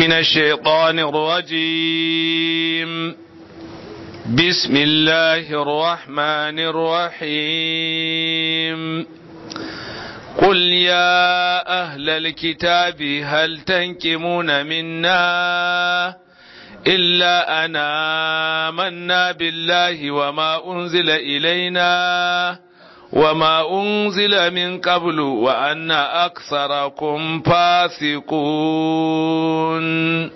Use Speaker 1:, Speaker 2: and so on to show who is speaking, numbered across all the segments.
Speaker 1: من الشيطان الرجيم بسم الله الرحمن الرحيم قل يا أهل الكتاب هل تنكمون منا إلا أنا آمنا بالله وما أنزل إلينا وما أنزل من قبل وأن أكثركم فاسقون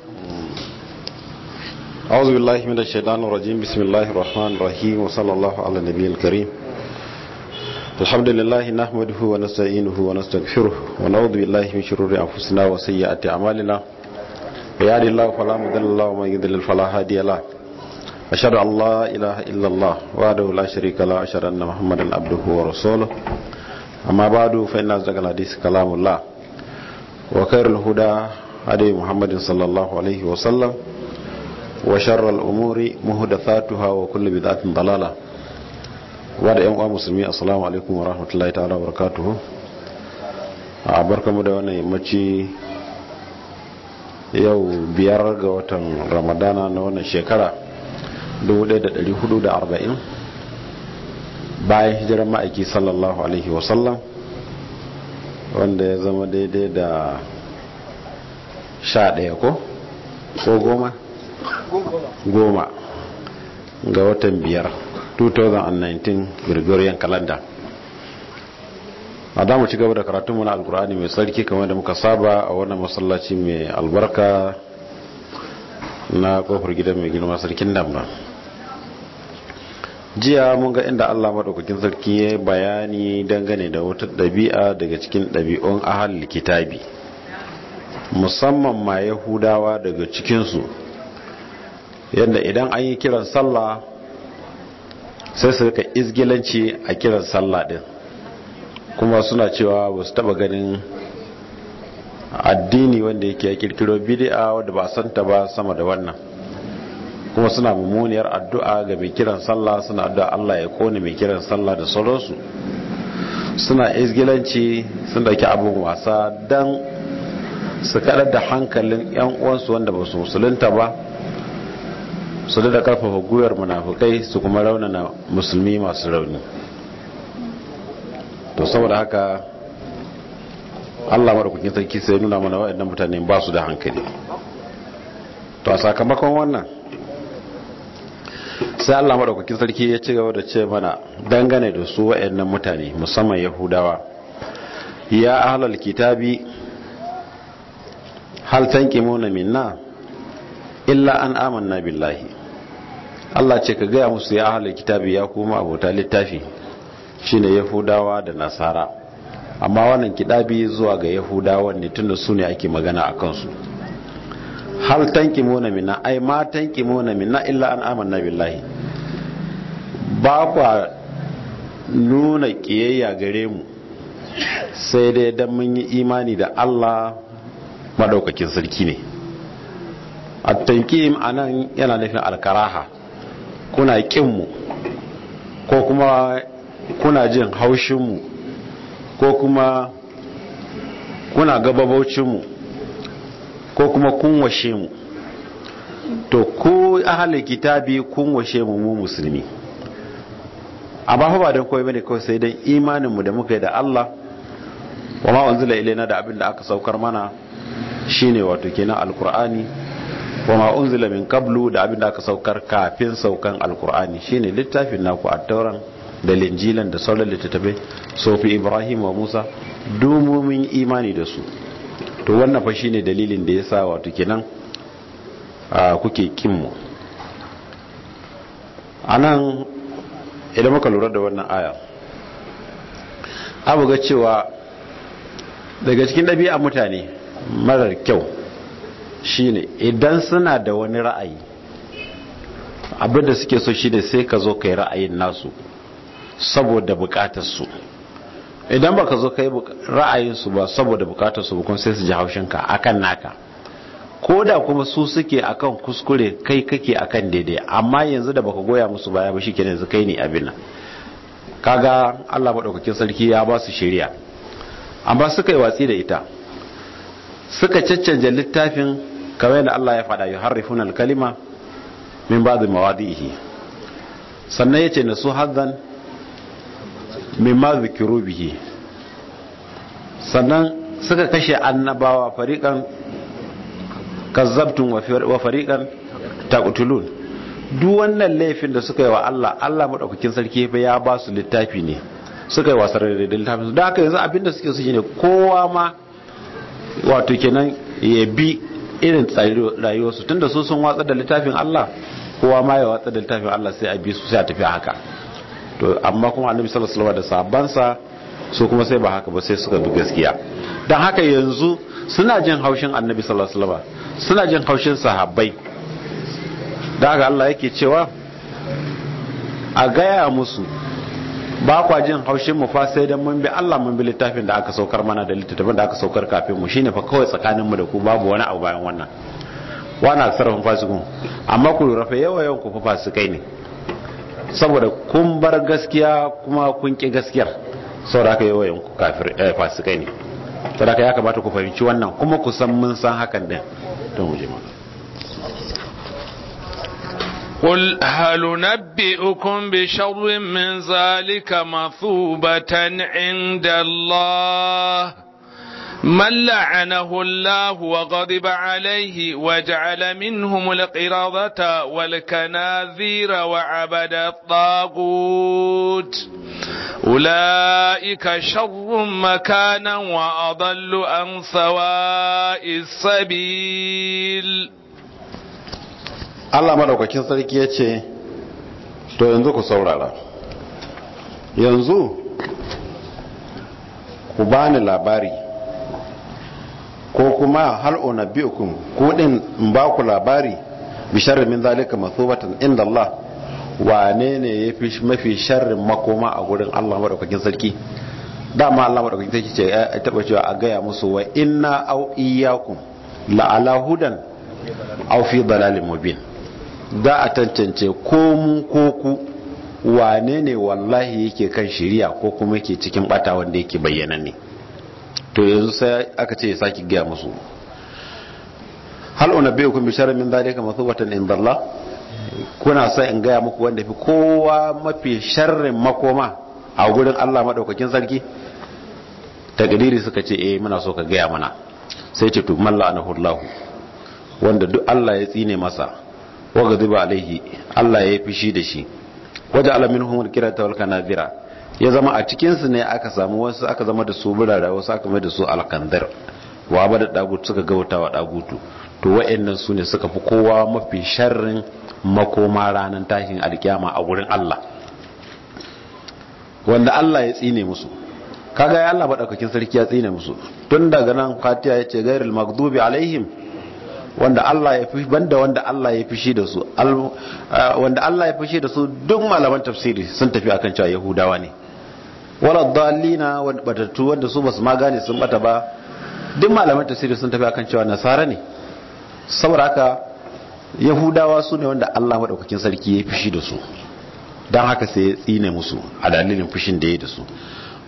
Speaker 2: أعوذ بالله من الشيطان الرجيم بسم الله الرحمن الرحيم وصلى الله على النبي الكريم الحمد لله نحمده ونستعينه ونستغفره ونعوذ بالله من شرور أنفسنا وسيئات أعمالنا يهد الله فلا مضل له ومن يضلل فلا هادي له أشهد أن لا إله إلا الله وحده لا شريك له أشهد أن محمدا عبده ورسوله أما بعد فإن أصدق الحديث كلام الله وخير الهدى هدي محمد صلى الله عليه وسلم وشر الأمور محدثاتها وكل بدعة ضلالة وعد أيها المسلمين السلام عليكم ورحمة الله تعالى وبركاته barkamu da wannan yammaci yau biyar ga watan ramadana na wannan shekara 1440 bayan hijirar ma'aiki sallallahu alaihi wasallam wanda ya zama daidai da 11 ko? ko goma? goma ga watan biyar 2019 gregorian calendar a mu ci gaba da karatun na alkur'ani mai sarki kamar da muka saba a wannan masallaci mai albarka na kofar gidan mai girma sarkin damna jiya mun ga inda Allah maɗaukakin sarki ya bayani dangane da wata ɗabi'a daga cikin ɗabi'un ahal kitabi musamman ma yahudawa daga cikinsu yadda idan an yi kiran sallah sai su rika izgilanci a kiran sallah ɗin kuma suna cewa ba su taba ganin addini wanda yake ya kirkiro bidi'a wadda ba a santa ba sama da wannan kuma suna mummuniyar addu'a ga mai kiran sallah suna addu'a Allah ya kone mai kiran sallah da sauransu suna izgilanci sun daki abin wasa don su kaɗar da hankalin 'yan uwansu wanda ba su musulunta ba su da karfafa gwiwar munafukai su kuma raunana musulmi masu rauni to saboda haka allah marukukin sarki sai nuna mana waɗannan mutane ba su da hankali to a sakamakon wannan sai Allah madaukakin sarki ya ci gaba da ce mana dangane da su waɗannan mutane musamman yahudawa ya ahlal kitabi hal muna minna illa an amanna billahi Allah ce ka gaya musu ya ahlal kitabi ya kuma abota littafi shine yahudawa da nasara amma wannan kitabi zuwa ga yahudawa ne tunda su ne ake magana a kansu hal muna minna ai ma muna minna illa an amanna billahi ba kwa nuna ƙiyayya gare mu sai dai don mun yi imani da Allah maɗaukakin sarki ne a tankim a nan yana nufin alkaraha kuna ƙinmu ko kuma kuna jin haushinmu ko kuma kuna gababaucinmu ko kuma kun washe mu to ku ahalin kitabi kun washe mu mu musulmi amma ba don koyi bane kawai sai dan imanin mu da muka yi da Allah wa ma unzila ilaina da abin da aka saukar mana shine wato kenan alqur'ani wa ma unzila min qablu da abin da aka saukar kafin saukan alqur'ani shine littafin naku a tauran da linjilan da sauran littattafai sofi ibrahim wa musa dumumin imani da su to wannan fa shine dalilin da yasa wato kenan kuke kinmu anan idan muka lura da wannan aya abu ga cewa daga cikin ɗabi'a mutane marar kyau shine idan suna da wani ra'ayi abinda suke so shine sai ka zo kai ra'ayin nasu saboda bukatarsu idan baka zo kai ra'ayinsu ba saboda bukatarsu bukun sai su ji haushinka akan naka ko da kuma su suke akan kuskure kai kake akan daidai amma yanzu da baka goya musu baya ba shikenan yanzu kai ne abin nan kaga Allah madaukakin sarki ya ba su shari'a amma suka yi watsi da ita suka caccanje littafin kamar yadda Allah ya faɗa yuharrifuna al-kalima min ba'd mawadihi sannan yace nasu min ma zikiru bihi sannan suka kashe annabawa fariƙan kazzabtum wa fariqan taqtulun duk wannan laifin da suka yi wa Allah Allah madaukakin sarki fa ya ba su littafi ne suka yi wasar da littafin da haka yanzu abinda suke su ne kowa ma wato kenan ya bi irin rayuwarsu tunda su sun watsar da littafin Allah kowa ma ya watsar da littafin Allah sai a bi su sai a tafi haka to amma kuma annabi sallallahu alaihi wasallam da sabansa su kuma sai ba haka ba sai suka bi gaskiya dan haka yanzu suna jin haushin annabi sallallahu alaihi wasallam suna jin haushin sahabbai da haka Allah yake cewa a gaya musu ba kwa jin haushin mu fa sai dan mun bi Allah mun bi littafin da aka saukar mana da littafin da aka saukar kafin mu shine fa kawai tsakanin mu da ku babu wani abu bayan wannan wani aksarafin fasikun amma ku lura fa yawa yawan ku fa fasikai ne saboda kun bar gaskiya kuma kun ki gaskiyar saboda haka yawa ku kafir eh, fasikai ne Tadaki ya kamata ku fahimci wannan, kuma kusan mun san hakan ne don waje maka. Halunabbi ukun
Speaker 1: bi shawarwar min zali kamar inda la. من لعنه الله وغضب عليه وجعل منهم القردة والكناذير وعبد الطاغوت أولئك شر مكانا وأضل عن سواء السبيل
Speaker 2: Allah madaukakin sarki ya ce, To yanzu ku saurara, yanzu ku bani labari ko kuma hal unabbiukum ko din in ba ku labari bi sharri min zalika masubatan inda Allah wane ne yafi mafi sharrin makoma a gurin Allah madaukakin sarki dama Allah madaukakin sarki ce ya eh, taba cewa a gaya musu wa inna au iyyakum la ala hudan au fi dalalin mubin da a tantance ko mu ko ku wane ne wallahi yake kan shiriya ko kuma yake cikin bata wanda yake bayyana ne to yanzu sai aka ce ya saki gaya musu hal bai bi sharrin min dhalika mathubatan inda Allah kuna sa in gaya muku wanda fi kowa mafi sharrin makoma a gurin Allah madaukakin sarki takdiri suka ce eh muna so ka gaya mana sai ce to malla anahu Allah wanda duk Allah ya tsine masa wa zuba alaihi Allah ya fi shi da shi alamin ala minhum ta walka na kanazira ya zama a cikinsu ne aka samu wasu aka zama da su birara wasu aka mai da su alkandar wa ba da dagutu suka gauta wa dagutu to wa'annan su ne suka fi kowa mafi sharrin makoma ranar tashin alkiyama a wurin Allah wanda Allah ya tsine musu kaga ya Allah sarki ya tsine musu tun daga nan fatiha yace gairil maghdubi alaihim wanda Allah ya fi banda wanda Allah ya shi da su eh, wanda Allah ya fi shi da su duk malaman tafsiri sun tafi akan cewa yahudawa ne wala dalina wanda batattu wanda su basu magani sun bata ba duk malaman tafsiri sun tafi akan cewa nasara ne saboda haka yahudawa su ne wanda Allah madaukakin sarki ya fishi da su dan haka sai ya tsine musu a dalilin fushin da ya da su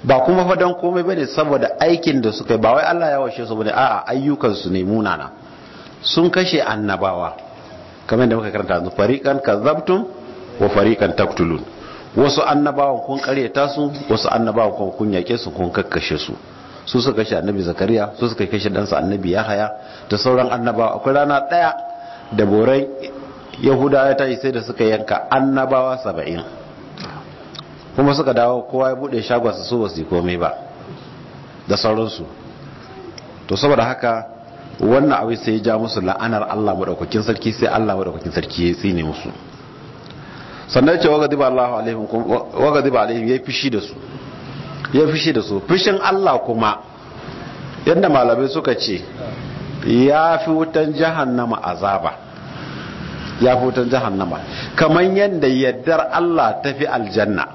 Speaker 2: ba kuma fa dan komai bane saboda aikin da suka yi ba wai Allah ya washe su bane a ayyukan su ne munana sun kashe annabawa kamar da muka karanta yanzu fariqan kazabtum wa fariqan taktulun wasu annabawan kun ta su wasu annabawan kun kun yake su kun kakkashe su su suka kashe annabi zakariya su suka kashe ɗansa annabi yahaya da sauran annabawa akwai rana ɗaya da borai yahuda ta yi sai da suka yanka annabawa saba'in kuma suka dawo kowa ya buɗe shagonsa su ba su yi komai ba da sauransu to saboda haka wannan abu sai ya ja musu la'anar allah maɗaukakin sarki sai allah maɗaukakin sarki ya tsine musu sannan ce wagadiba Allahu alaihim ya yi fishi da su ya fishi da su fishin Allah kuma yadda malamai suka ce ya fi wutan jahannama azaba ya fi wutan jahannama kamar yadda yaddar Allah ta fi aljanna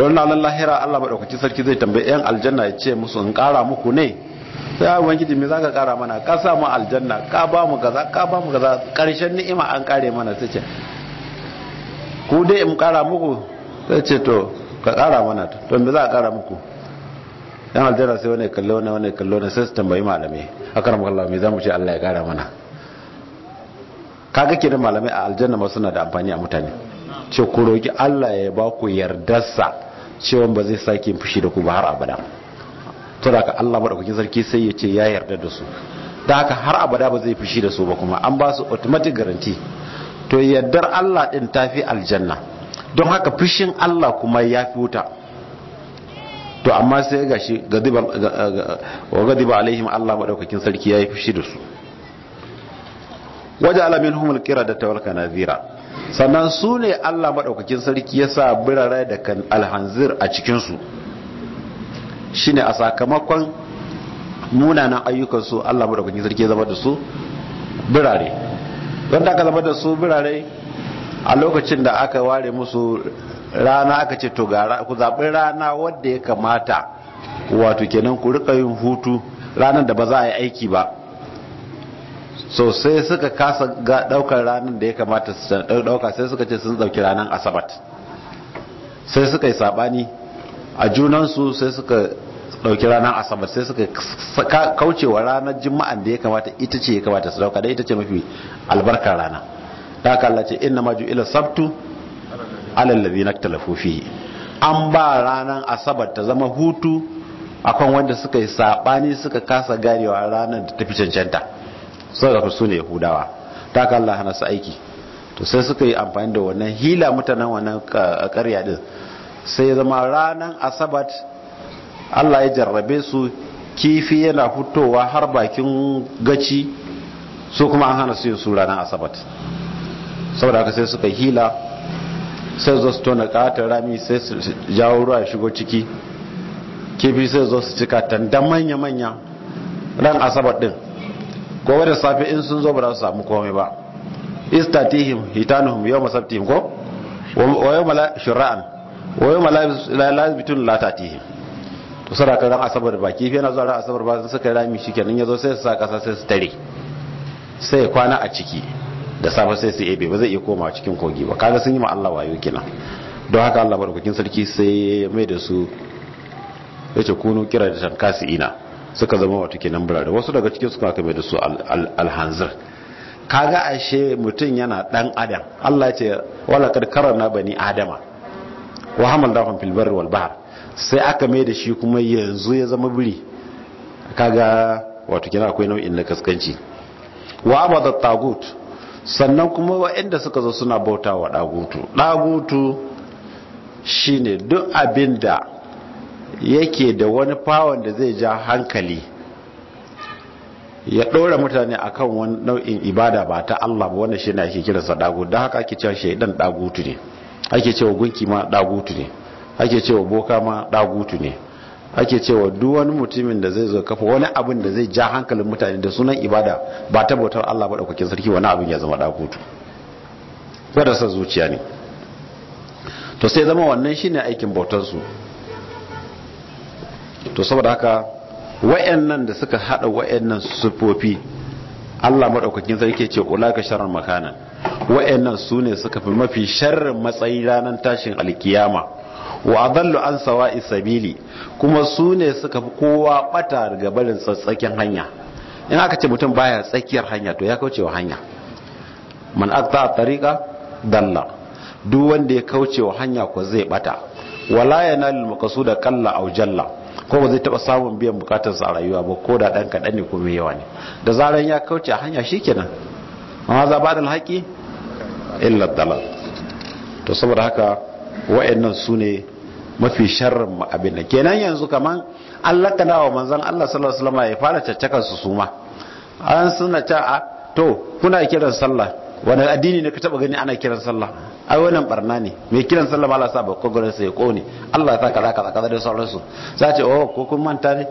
Speaker 2: don ranar lahira Allah maɗaukacin sarki zai tambayi 'yan aljanna ya ce musu in ƙara muku ne sai ya gidi mai za ka ƙara mana ka sa aljanna ka ba mu gaza ka ba mu gaza ƙarshen ni'ima an ƙare mana sai ce ku dai in kara muku sai ce to ka kara mana to me za a kara muku yan aljara sai wani kallo ne wani kallo ne sai su tambayi malami a makalla me za mu ce Allah ya kara mana kaga kenan malamai a aljanna ma suna da amfani a mutane ce ku roki Allah ya ba ku yardarsa cewa ba zai sake fushi da ku ba har abada to da ka Allah madaukakin sarki sai ya ce ya yarda da su da haka har abada ba zai fushi da su ba kuma an ba su automatic guarantee to yaddar Allah din fi aljanna don haka fushin Allah kuma ya fi wuta to amma sai ga shi wa gadiba alaihim Allah madaukakin sarki yayi fushi da su waje alamin humul kira da tawalka nazira sannan su ne Allah madaukakin sarki ya sa birare da kan alhanzir a cikinsu shi ne a sakamakon munanan ayyukansu Allah madaukakin sarki ya zama da su birare don ta zama da su birane a lokacin da aka ware musu rana aka ce to gara ku zaɓi rana wadda ya kamata wato kenan ku rika yin hutu ranar da ba za a yi aiki ba sosai suka kasa ɗaukar ranar da ya kamata su dauka sai suka ce sun ɗauki ranar asabat sai suka yi saɓani a junansu sai suka dauki ranar asabar sai suka kauce wa ranar juma'an da ya kamata ita ce ya kamata su dauka da ita ce mafi albarkar rana ta kalla ce inna maju ila sabtu alal na talafu fihi an ba ranar asabar ta zama hutu akan wanda suka yi sabani suka kasa ganewa ranar da ta fi cancanta suka ga su ne yahudawa ta kalla hana su aiki to sai suka yi amfani da wannan hila mutanen wannan karya eh, din sai zama ranar asabar Allah ya jarrabe su kifi yana fitowa har bakin gaci su kuma an hana su yin sura na asabat saboda haka sai suka hila sai zo su tona katon rami sai su jawo ruwa ya shigo ciki kifi sai zo su cika tanda manya-manya ran asabat din gobe da safe in sun zo ba za su samu komai ba istatihim hitanuhum yau masabtihim ko wa yau mala shura'an wa yau mala lazibitun latatihim to sara ka ran asabar ba kifi yana zuwa ran asabar ba suka rami shi kenan yazo sai su sa kasa sai su tare sai ya kwana a ciki da safe sai su ebe ba zai iya koma cikin kogi ba kaga sun yi ma Allah wayo kenan don haka Allah madaukakin sarki sai mai da su yace kunu kira da tankasi ina suka zama wato kenan burare wasu daga cikin su kuma mai da su alhanzir kaga ashe mutum yana dan adam Allah ya ce wala kad karana bani adama wa dafan fil barri wal bahr sai aka mai da shi kuma yanzu ya zama biri kaga wato kina akwai nau'in na kaskanci wa abada tagut sannan kuma waɗanda suka zo suna bauta wa dagutu dagutu shine duk abinda da yake da wani fawon da zai ja hankali ya ɗora mutane akan wani nau'in ibada ba ta Allah ba wannan shine ake kiransa dagutu don haka ake cewa shaidan dagutu ne ake cewa gunki ma dagutu ne ake cewa boka ma dagutu ne ake cewa duk wani mutumin da zai zo kafa wani abin da zai ja hankalin mutane da sunan ibada ba ta bautar Allah ba daukakin sarki wani abin ya zama dagutu gwada sa zuciya ne to sai zama wannan shine aikin bautar su to saboda haka wayannan da suka hada wayannan sufofi Allah madaukakin sarki ce ulaka sharar makana wayannan sune suka fi mafi sharrin matsayi ranar tashin alkiyama wa adallu an sawa'i sabili kuma su ne suka fi kowa bata daga barin tsakiyar hanya in aka ce mutum baya tsakiyar hanya to ya kaucewa hanya man akta tariqa dalla duk wanda ya kaucewa hanya ko zai bata wala yanal da kalla aw jalla ko ba zai taba samun biyan bukatarsa a rayuwa ba ko da dan kadan ne ko mai yawa ne da zaran ya kauce hanya shikenan amma za ba da haƙi illa dalal to saboda haka wa'annan su ne mafi sharrin abin da kenan yanzu kaman an lakana wa manzon Allah sallallahu alaihi wasallam ya fara caccakar su suma an suna ta a ah, to kuna kiran sallah wani addini ne ka taba gani ana kiran sallah ai wannan barna ne mai kiran sallah ba Allah sa ba kokarin sai ya ne Allah ya sa kaza kaza kaza da sauransu za ce oh ko kun manta ne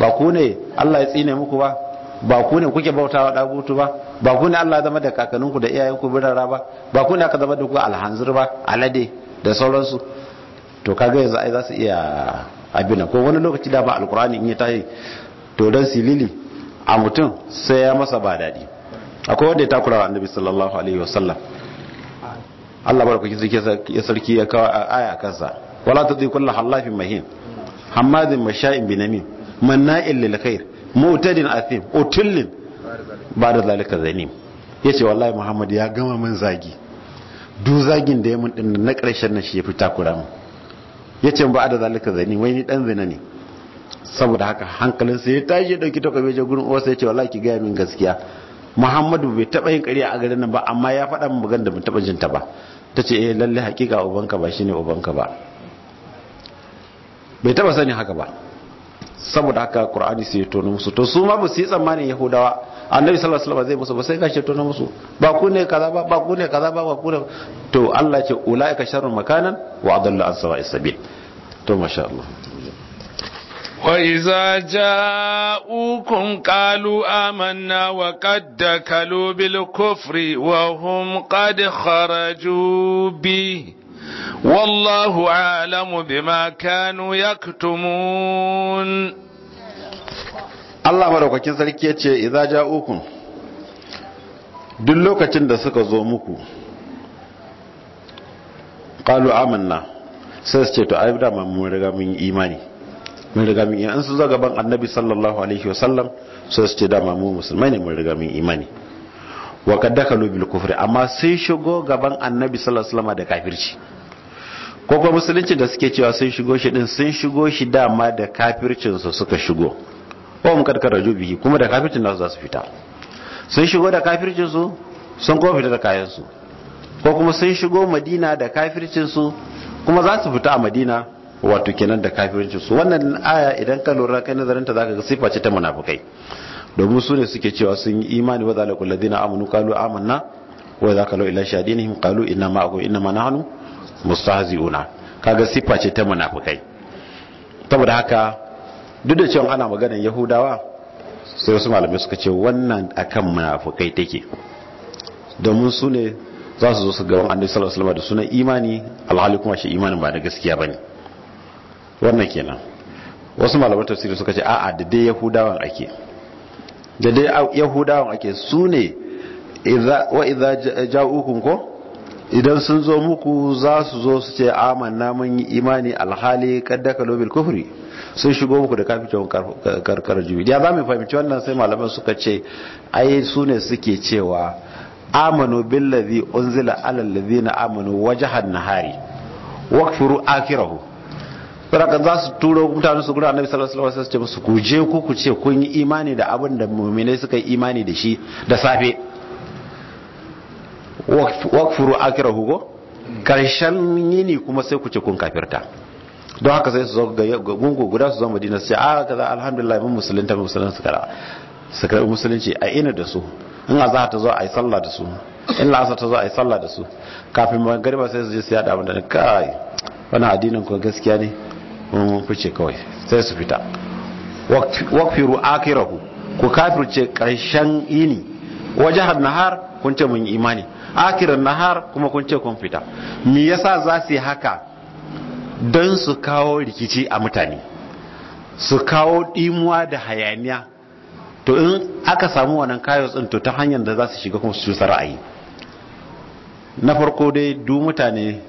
Speaker 2: ba ku ne Allah ya tsine muku ba ba ku ne kuke bautawa dagutu ba ba ku ne Allah ya zama da kakanninku da iyayenku birara ba ba ku ne aka zama da ku alhanzir ba alade da sauransu to kaga yanzu ai za su iya abin ko wani lokaci da ba alkur'ani in ya tahi to dan silili a mutum sai ya masa ba daɗi akwai wanda ya takura wa annabi sallallahu alaihi wasallam Allah bar sarki ya sarki ya kawo aya kansa wala tadhi kullu halafin mahim hamadin masha'in binamin manna'il lil khair mu'tadin athim utullin ba da zalika zanim yace wallahi muhammad ya gama min zagi du zagin da ya mun din na karshen na shi ya fi takura min. ya ce ba da zalika zani wai ni dan zina ne saboda haka hankalinsa ya tashi ya dauki takwabe ya gurin uwarsa ya ce wallahi ki gaya min gaskiya muhammadu bai taba yin kariya a garin nan ba amma ya faɗa min bugan da ban taba ta ba ta ce eh lalle hakika ubanka ba shine ubanka ba bai taba sani haka ba saboda haka qur'ani sai ya tono musu to su ma ba su yi tsammanin yahudawa annabi sallallahu alaihi wasallam zai musu ba sai gashi tona musu ba ku ne kaza ba ba ku ne kaza ba ba ku ne to Allah ce ulaika sharrun makanan wa adallu an sawa'is sabil to masha Allah
Speaker 1: وإذا wa قالوا آمنا وقد دخلوا بالكفر وهم قد خرجوا به والله أعلم بما كانوا يكتمون
Speaker 2: Allah madaukakin sarki ya ce idza ja'ukum duk lokacin da suka zo muku qalu amanna sai su ce to ai da mun riga mun imani mun riga mun imani an su zo gaban annabi sallallahu alaihi wasallam sai su ce da mu musulmai ne mun riga mun imani wa kad dakalu bil kufri amma sai shigo gaban annabi sallallahu alaihi wasallam da kafirci ko kuma musulunci da suke cewa sun shigo shi din sun shigo shi dama da kafircin su suka shigo ba mu karkar raju bihi kuma da kafircin nasu za su fita sun shigo da kafircin su sun kuma fita da kayan ko kuma sun shigo madina da kafircin kuma za su fita a madina wato kenan da kafircin wannan aya idan ka lura kai nazarin ta zaka ga sifa ce ta munafikai domin su ne suke cewa sun yi imani wa zalikul ladina amanu qalu amanna wa idza qalu ila shadinihim qalu inna ma'akum inna ma nahnu mustahzi'una kaga sifa ce ta munafukai saboda haka duk da cewa ana maganar yahudawa sai wasu malamai suka ce wannan akan munafukai take domin su ne za su zo su gaban annabi sallallahu alaihi wasallam da sunan imani alhali kuma shi imanin ba da gaskiya bane wannan kenan wasu malaman tafsiri suka ce a'a da dai yahudawan ake da dai yahudawan ake su ne wa idza ja'ukum ko idan sun zo muku za su zo su ce aman mun imani alhali kaddaka lobil kufri sun shigo muku da kafin karkar jubi ya za mu fahimci wannan sai malaman suka ce ai su ne suke cewa amanu billazi unzila alal ladina amanu wajhan nahari wakfuru akirahu kan za su turo mutane su gura annabi sallallahu alaihi wasallam su ce musu ku je ku ku ce kun yi imani da abin da mu'minai suka yi imani da shi da safe wakfuru akirahu ko karshen yini kuma sai ku ce kun kafirta don haka sai su zo ga gungu guda su zo madina sai a ah, kaza alhamdulillah mun musulun ta musulun su kara su kara musulunci a ina da su in za ta zo a yi sallah da su in la'asa ta zo a yi sallah da su kafin magariba sai su je su yada abin kai wani addinin ku gaskiya ne mun fice kawai sai su fita wakfiru akirahu ku kafirce karshen yini wajen nahar kun ce mun imani akirin nahar kuma kun ce kun fita me yasa za su yi haka don su kawo rikici a mutane su kawo dimuwa da hayaniya to in aka samu wannan kayo tsin to ta hanyar da za su shiga kuma su ra'ayi na farko dai du mutane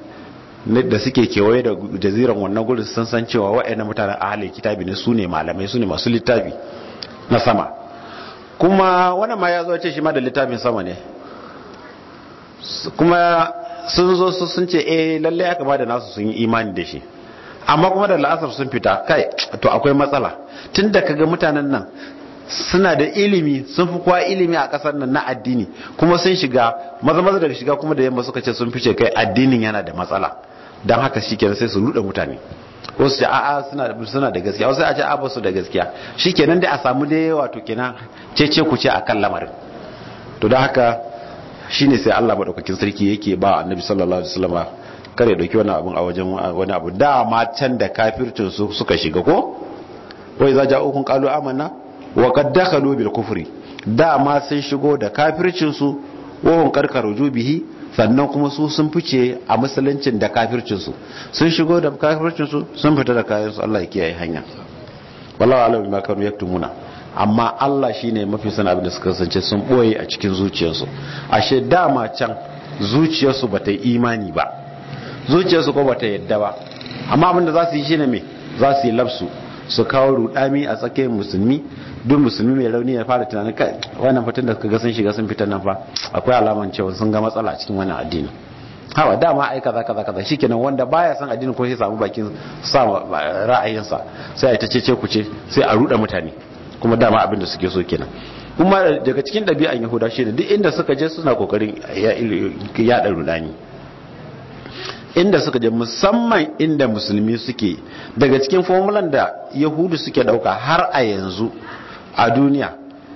Speaker 2: da suke kewaye da jaziran wannan gudun san san cewa waɗannan mutanen ahli kitabi ne su ne malamai su ne masu littafi na sama kuma wannan ma ya zo ce shi ma da littafin sama ne kuma sun zo sun ce eh lalle ya kama da nasu sun yi imani da shi amma kuma da la'asar sun fita kai to akwai matsala tun da kaga mutanen nan suna da ilimi sun fi kowa ilimi a kasar nan na addini kuma sun shiga maza maza daga shiga kuma da yamma suka ce sun fice kai addinin yana da matsala don haka shikenan sai su ruɗe mutane wasu ce a'a suna da gaskiya wasu a ce a basu da gaskiya shikenan dai a samu da yawa to kenan cece ku ce akan lamarin to don haka shine sai Allah madaukakin sarki yake ba annabi sallallahu alaihi wasallam kare dauki wani abun a wajen wani abu da ma can da kafircin suka shiga ko wai za ja'ukum qalu amanna wa qad dakhalu bil kufri da ma sun shigo da kafircin su wa karkaru bihi sannan kuma su sun fice a musuluncin da kafircin su sun shigo da kafircin su sun fita da kayan su Allah ya kiyaye hanya wallahi alim ma kanu yaktumuna amma Allah shine mafi sana abin da suka kasance sun boye a cikin zuciyarsu ashe dama can zuciyarsu bata yi imani ba zuciyarsu ko bata yadda ba amma abin da za su yi shine me za su yi lafsu su kawo rudami a tsakiyar musulmi duk musulmi mai rauni ya fara tunanin kai wannan fatan da ga sun shiga sun fita nan fa akwai alaman cewa sun ga matsala cikin wannan addini hawa dama ai kaza kaza kaza shikenan wanda baya san addini ko sai samu bakin sa ra'ayinsa sai ai ta cece ku ce sai a ruda mutane kuma dama abinda da suke so kenan kuma daga cikin ɗabi'an yahuda shi ne duk inda suka je suna kokarin yaɗa rudani inda suka je musamman inda musulmi suke daga cikin formulan da yahudu suke ɗauka har a yanzu a duniya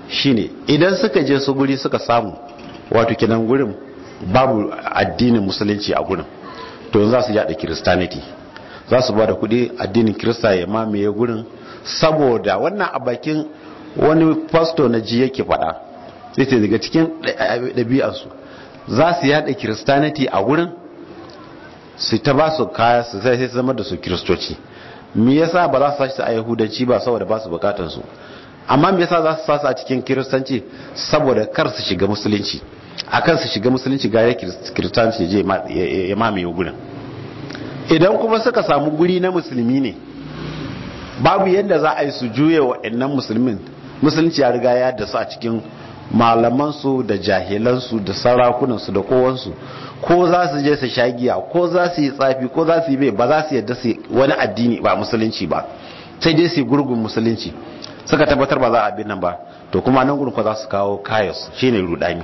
Speaker 2: shi ne idan suka je su guri suka samu wato kinan gurin babu addinin musulunci a gurin to za su yada kiristaniti za su ba da kuɗi addinin kirista ya mamaye gurin saboda wannan a bakin wani fasto na ji yake faɗa sai ce daga cikin ɗabi'arsu za su yada kiristaniti a wurin su ta ba su kaya su sai sai zama da su kiristoci me yasa ba za su sashi a yahudanci ba saboda ba su bukatar su amma me yasa za su sasu a cikin kiristanci saboda kar su shiga musulunci A kan su shiga musulunci ga ya kiristanci ya je ya mamaye gurin idan kuma suka samu guri na musulmi ne babu yadda za a yi su juye wa'annan musulmin musulunci ya riga ya da su a cikin malamansu da jahilansu da sarakunansu da kowansu ko za su je su shagiya ko za su yi tsafi ko za su yi bai ba za su yadda su wani addini ba musulunci ba sai dai su gurgun musulunci suka tabbatar ba za a bin nan ba to kuma nan gurgun ko za su kawo kayos shine rudani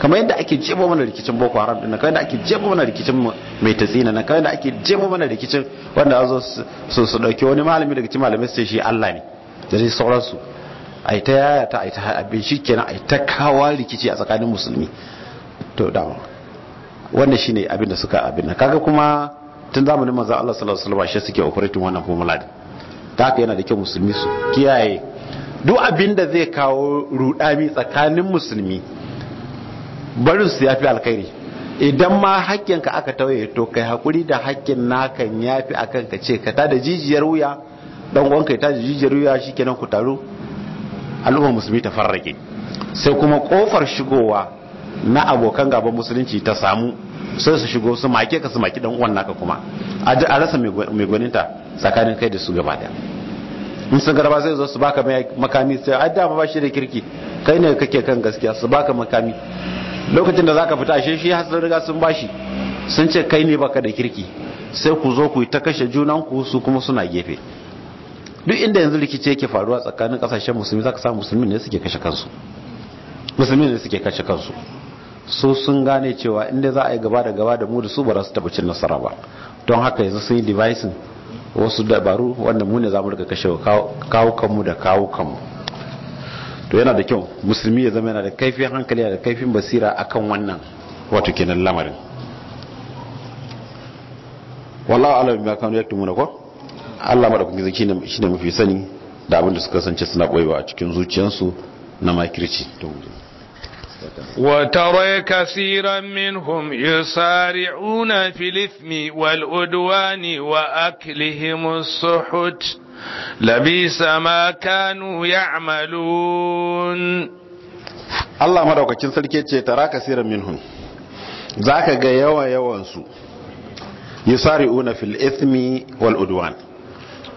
Speaker 2: kamar yadda ake jebo mana rikicin boko haram din kamar yadda ake jebo mana rikicin mai tasina na kamar yadda ake jebo mana rikicin wanda zo su su dauke wani malami daga cikin malamai sai shi Allah ne da saurar su ai ta yaya ta ai ta abin shikenan ai ta kawa rikici a tsakanin musulmi to da wannan shine abin da suka abin kaga kuma tun zamanin manzo Allah sallallahu alaihi wasallam shi suke operating wannan formula din ta haka yana da kyau musulmi su kiyaye duk abin da zai kawo rudami tsakanin musulmi barin su fi alkhairi idan ma hakkinka aka tauye to kai hakuri da hakkin naka yafi akan ka ce ka tada jijiyar wuya dan uwanka ya tada jijiyar wuya shi nan ku taru al'umma musulmi ta farrake sai kuma kofar shigowa na abokan gaban musulunci ta samu sai su shigo su make ka su maki dan uwan naka kuma a rasa mai gwaninta tsakanin kai da su gaba da in sun garba sai zo su baka makami sai a dama ba shi da kirki kai ne kake kan gaskiya su baka makami lokacin da za ka fita shi shi hasar riga sun bashi sun ce kai ne baka da kirki sai ku zo ku yi ta kashe junanku su kuma suna gefe duk inda yanzu rikici yake faruwa tsakanin kasashen musulmi ka samu musulmi ne suke kashe kansu su sun gane cewa inda za a yi gaba da gaba da mu da su ba su taba cin nasara ba don haka yanzu sun yi device wasu dabaru wanda mu ne za mu rika kashe kawukanmu da kawukanmu. to yana da kyau musulmi ya zama yana da kaifin hankali da kaifin basira akan wannan wato kenan lamarin wallahu alam bima kanu yaktumuna ko Allah madaukakin zaki ne shine mafi sani da abin da suka sance suna boyewa a cikin zuciyarsu na makirci to
Speaker 1: وترى كثيرا منهم يسارعون في الإثم والعدوان وأكلهم السحت labisa ma kanu ya'malun
Speaker 2: Allah madaukakin sarki ce tara kasiran minhum zaka ga yawa yawan su yusari'una fil ithmi wal udwan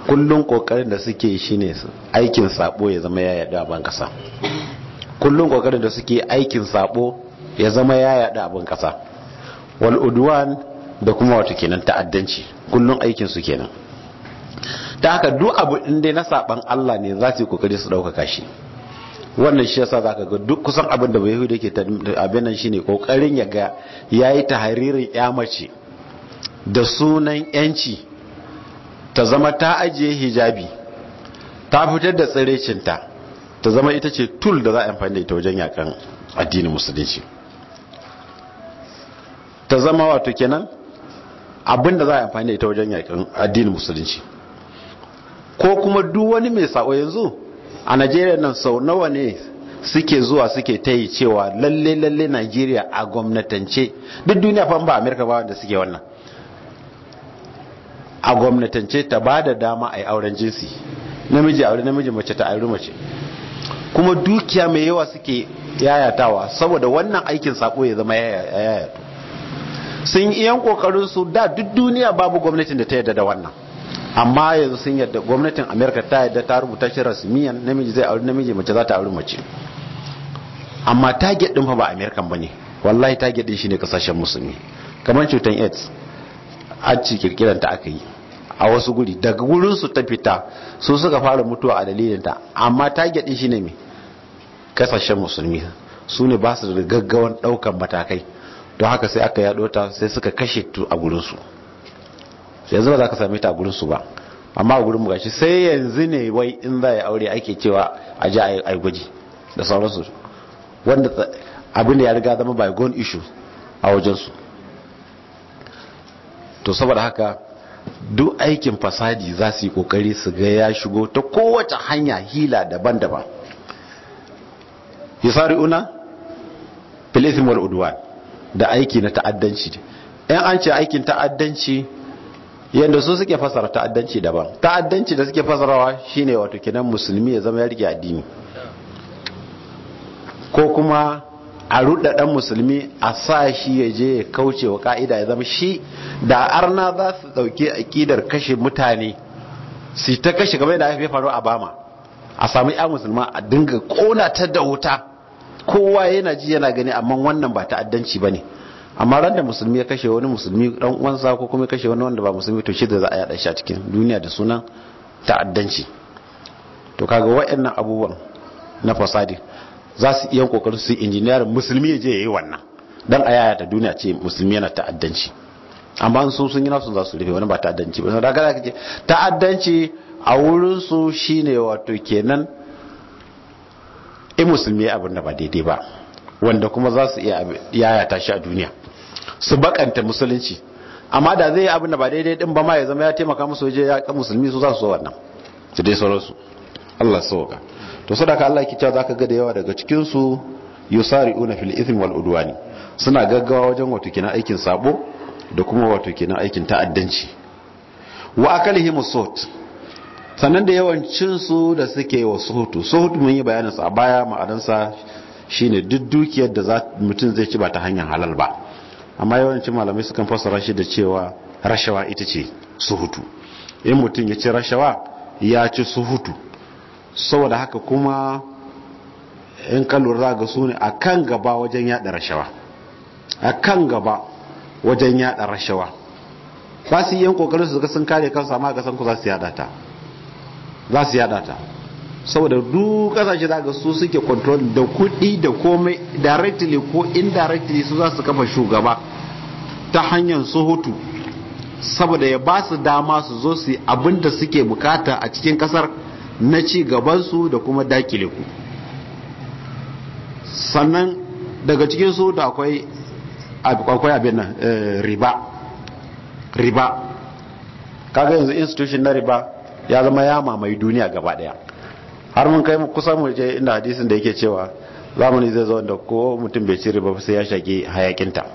Speaker 2: Kullum kokarin da suke shi ne aikin sabo ya zama ya yada ban kasa kullun kokarin da suke aikin sabo ya zama ya yada ban kasa wal udwan da kuma wata kenan ta'addanci kullum aikin su kenan da haka duk abu in dai na saban Allah ne za su yi kokari su ɗaukaka shi wannan shi yasa ka ga duk kusan abin da Yahudi yake abin nan shine kokarin ya ga yayi ya mace da sunan yanci ta zama ta ajiye hijabi ta fitar da tsirecinta ta zama ita ce tul da za a amfani da ita wajen yakan addinin musulunci ta zama wato kenan abin da za a amfani da ita wajen yakan addinin musulunci ko kuma duk wani mai sako yanzu a najeriya nan sau nawa ne suke zuwa suke ta yi cewa lalle lalle najeriya a gwamnatance duk duniya fa ba amerika ba wanda suke wannan a gwamnatance ta ba da dama a yi auren jinsi namiji aure namiji mace ta aure mace kuma dukiya mai yawa suke yayatawa saboda wannan aikin sako ya zama yayato sun yan kokarin su da duk duniya babu gwamnatin da ta yarda da wannan amma yanzu sun yadda gwamnatin amerika ta yadda ta rubuta shi rasmiyan namiji zai auri namiji mace za ta auri mace amma target din fa ba amerikan bane wallahi target din shine kasashen musulmi kamar cutan aids hajji kirkiran ta aka yi a wasu guri daga gurin su ta fita su suka fara mutuwa a dalilin ta amma target din shine me kasashen musulmi su ne ba su da gaggawan daukan matakai don haka sai aka yado ta sai suka kashe tu a gurin su yanzu ba za ka same ta a su ba amma a gurin mugashi sai yanzu ne wai in za a aure ake cewa a ji a gwaji da sauransu wanda abin da ya riga zama by gone issue a wajensu to saboda haka duk aikin fasadi za su yi kokari su ga ya shigo ta kowace hanya hila daban-daban yasari'una fil una filisimul da aiki na ta'addanci yan an ce aikin ta'addanci yadda su suke fasara ta'addanci daban ta'addanci da suke fasarawa shine wato kenan musulmi ya zama ya rike addini ko kuma a ruɗa ɗan musulmi a sa shi ya je ya kauce wa ka'ida ya zama shi da arna za su ɗauki aƙidar kashe mutane su ta kashe game da haife faru a bama a sami ya musulma a dinga ƙona ta da wuta kowa yana ji yana gani amma wannan ba ta'addanci ba ne amma ran da musulmi ya kashe wani musulmi dan uwansa ko kuma ya kashe wani wanda ba musulmi to shi da za a yada shi a cikin duniya da sunan ta'addanci to kaga wayannan abubuwan na fasadi za su iya kokarin su injiniyar musulmi ya je yayi wannan dan a yaya ta duniya ce musulmi yana ta'addanci amma su sun yi nasu za su rufe wani ba ta'addanci ba da kaza kace ta'addanci a wurin su shine wato kenan in musulmi abin da ba daidai ba wanda kuma za su iya yaya tashi a duniya su bakanta musulunci amma da zai yi abin da ba daidai din ba ma ya zama ya taimaka musu waje ya ka musulmi su za su zo wannan su dai sauransu Allah waka to sadaka Allah ki cewa zaka ga da yawa daga cikin su yusari'una fil ithm wal udwani suna gaggawa wajen wato kina aikin sabo da kuma wato kina aikin ta'addanci wa akalihim sut sannan da yawancin su da suke wa suhutu sutu mun yi bayanin sa a baya ma'adansa shine duk dukiyar da mutum zai ci ba ta hanyar halal ba amma yawancin malamai sukan fassara shi da cewa rashawa ita ce suhutu in mutum ya ci rashawa ya ci suhutu saboda haka kuma in ka ga su ne a kan gaba wajen yada rashawa a kan gaba wajen yada rashawa ba su yi yan kokarin su sun kare kansu amma ga san ku za su yada za su yada ta saboda duk kasashe za ga su suke control da kuɗi da komai directly ko indirectly su za su kafa shugaba ta hanyar suhutu saboda ya ba su dama su zo su abin da suke bukata a cikin kasar na ci gabansu da kuma dakile ku sannan daga cikin su da akwai akwai abin nan eh, riba riba kaga yanzu institution na riba ya zama ya mamaye duniya gaba daya har mun kai kusa mu je inda hadisin da yake cewa zamani zai zo da ko mutum bai cire ba sai ya shaki hayakinta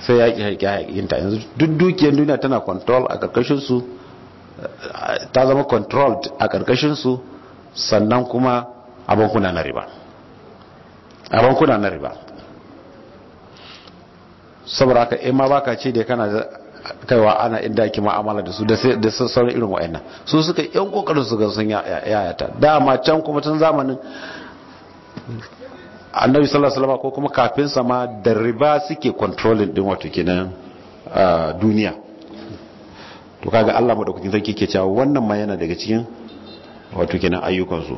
Speaker 2: sai ya ki hayaki hayakinta yanzu duk dukiyar duniya tana control a karkashin su ta zama controlled a karkashin su sannan kuma abin kuna na riba abin kuna na riba saboda ka ima ma baka ce da kana kaiwa ana inda ake ma'amala da su da sauran irin wa'annan su suka yan kokarin su ga sun yayata dama can kuma tun zamanin annabi sallallahu alaihi ko kuma kafin sa ma da riba suke controlling din wato kenan duniya to kaga Allah madaukakin sarki ke cewa wannan ma yana daga cikin wato kenan ayyukan su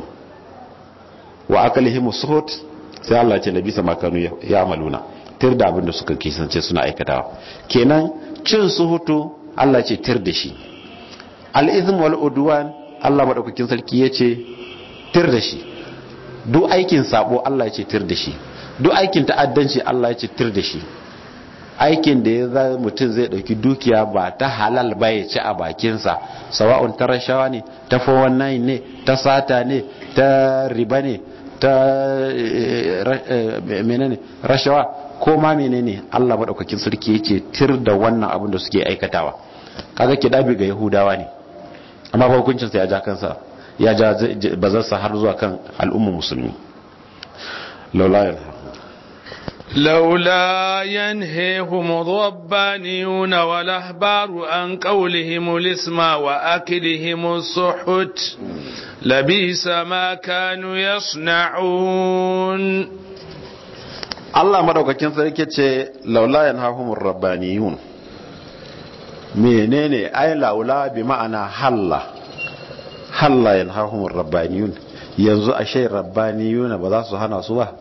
Speaker 2: wa akalihim suhut sai Allah ce labisa makanu ya amaluna tirda da abin da suka kisance suna aikatawa kenan cin su hutu Allah ce tir da shi al'izm wal udwan Allah madaukakin sarki ya ce tir da shi duk aikin sabo Allah ce tir da shi duk aikin ta'addanci Allah ce tir da shi aikin da ya za mutum zai dauki dukiya ba ta halal ba ya ci a bakinsa sawa'un ta rashawa ne ta fawon nai ne ta sata ne ta riba ne ta eh, eh, eh, menene rashawa ko ma menene Allah madaukakin sarki yake tir da wannan abin da suke aikatawa kaga kidabi ga yahudawa ne amma ba hukuncin sa ya ja kansa ya ja bazarsa har zuwa kan al'ummar musulmi laula
Speaker 1: لولا ينهيهم الربانيون والأحبار عن قولهم wa وأكلهم السحت لبيس ما كانوا يصنعون
Speaker 2: Allah madaukakin sarki ce laulayan yanhahumur rabbaniyun menene ai laula bi ma'ana halla halla yanhahumur rabbaniyun yanzu ashe rabbaniyuna ba za su hana su ba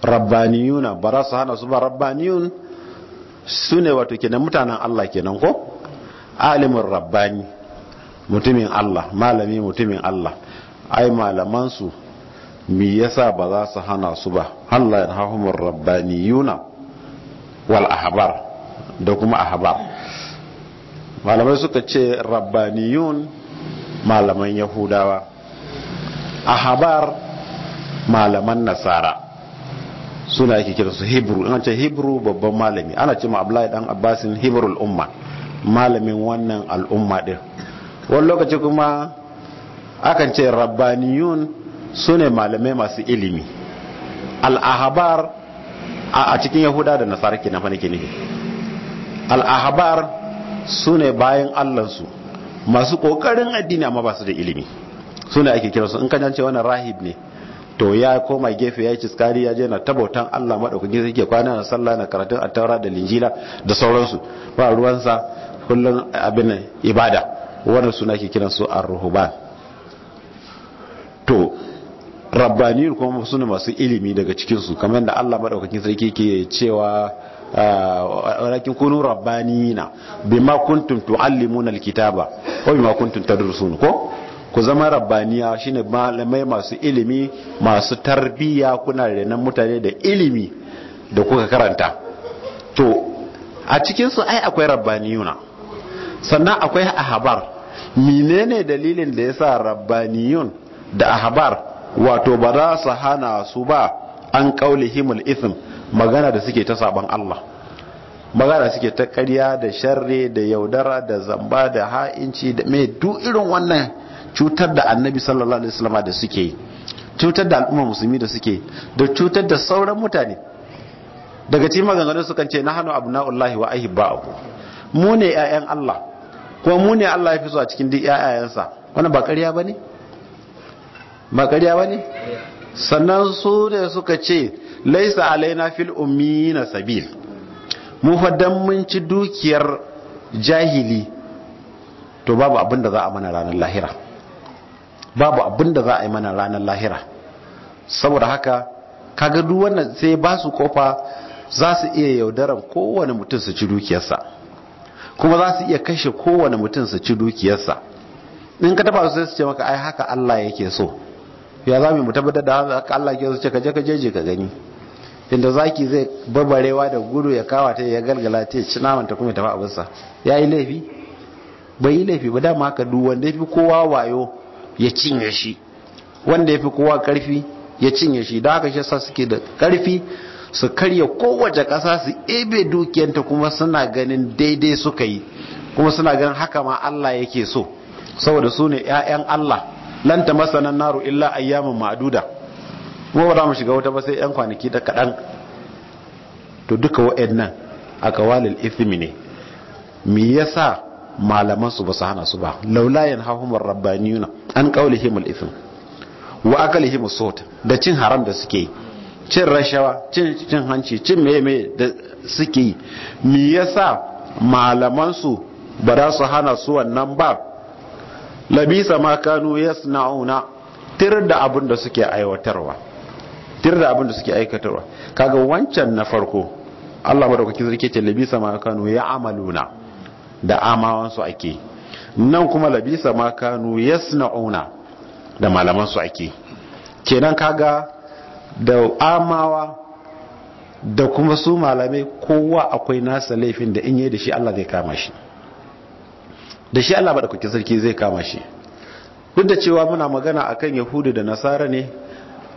Speaker 2: rabbaniyuna ba za su hana su ba rabbaniyun su ne wato kenan mutanen Allah kenan ko alimin rabbani mutumin Allah malami mutumin Allah ai malamansu me yasa ba za su hana su ba Allah ya rahumar rabbaniyuna wal ahbar da kuma ahbar malamai suka ce rabbaniyun malaman yahudawa ahbar malaman nasara suna yake kira su hebrew ina ce hebrew babban malami ana ce ma abdullahi dan abbasin hebrew umma malamin wannan al'umma din wani lokaci kuma akan ce rabbaniyun su ne malamai masu ilimi al'ahabar a cikin yahuda da nasara ke nafa nake nufi al'ahabar su ne bayan allansu masu ƙoƙarin addini amma ba su da ilimi su ne ake su in kan yance wani rahib ne to ya koma gefe ya yi ciskari ya je na tabautan allah maɗaukakin sai ke kwana na sallah na karatun attaura da linjila da sauransu ba ruwansa kullum abin ibada wannan suna ke kiransu a ruhuban rabbaniyun kuma suna masu ilimi daga cikinsu kamar da Allah maɗaukakin sarki ke cewa ah, walakin kunu na bima kuntum tuallimuna alkitaba wa bima kuntum tadrusun ko ku zama rabbaniya shine malamai masu ilimi masu tarbiyya kuna renan mutane da ilimi da kuka karanta to a cikinsu ai akwai rabbaniyuna sannan akwai ahabar menene dalilin da yasa rabbaniyun da ahabar wato ba za su hana su ba an kauli himul ithm magana da suke ta saban Allah magana suke ta karya da sharri da yaudara da zamba da ha'inci da mai duk irin wannan cutar da annabi sallallahu alaihi wasallam da suke cutar da al'umma musulmi da suke da cutar da sauran mutane daga cikin maganganun sukan ce na hanu abu na'ullahi wa ahibba'u mu ne 'ya'yan Allah kuma mu ne Allah ya fi so a cikin duk 'ya'yansa wannan ba karya bane ba ƙarya ba ne sannan su ne suka ce laisa alaina fil ummi na sabil mu fadan mun ci dukiyar jahili to babu abin da za a mana ranar lahira babu abin da za a yi mana ranar lahira saboda haka kaga duk wannan sai ba su kofa za su iya yaudaran kowane mutum su ci dukiyarsa kuma za su iya kashe kowane mutum su ci dukiyarsa in ka taba su sai su ce maka ai haka Allah yake so ya za mu tabbatar da haka Allah ke zuce kaje kaje je ka gani inda zaki zai babarewa da gudu ya kawa ta ya galgala ta ci naman ta kuma tafi abinsa ya yi laifi bai yi laifi ba dama haka duk wanda yafi kowa wayo ya cinye shi wanda ya kowa karfi ya cinye shi da haka shi sa suke da karfi su karya kowace kasa su ebe dukiyanta kuma suna ganin daidai suka yi kuma suna ganin haka ma Allah yake so saboda su ne 'ya'yan Allah lan ta nan naru illa ayyamin ma'aduda kuma ba za mu shiga wata ba sai yan kwanaki da kaɗan to duka nan a kawalil ithmi ne me yasa malaman su ba su hana su ba laulayen yanhahumur rabbaniyuna an himul ithm wa himul sut da cin haram da suke yi cin rashawa cin hanci cin meme da suke yi me yasa malaman su ba za su hana su wannan ba labisa ma kanu yasna'una tir da abin da suke aiwatarwa tir da abin da suke aikatarwa kaga wancan na farko Allah madaukakin sarki ce labisa ma kanu ya amaluna da amawan su ake nan kuma labisa ma kanu yasna'una da malaman su ake kenan kaga da amawa da kuma su malamai kowa akwai nasa laifin da in yi da shi Allah zai kama shi da shi Allah madaukakin sarki zai kama shi duk da cewa muna magana akan yahudu da nasara ne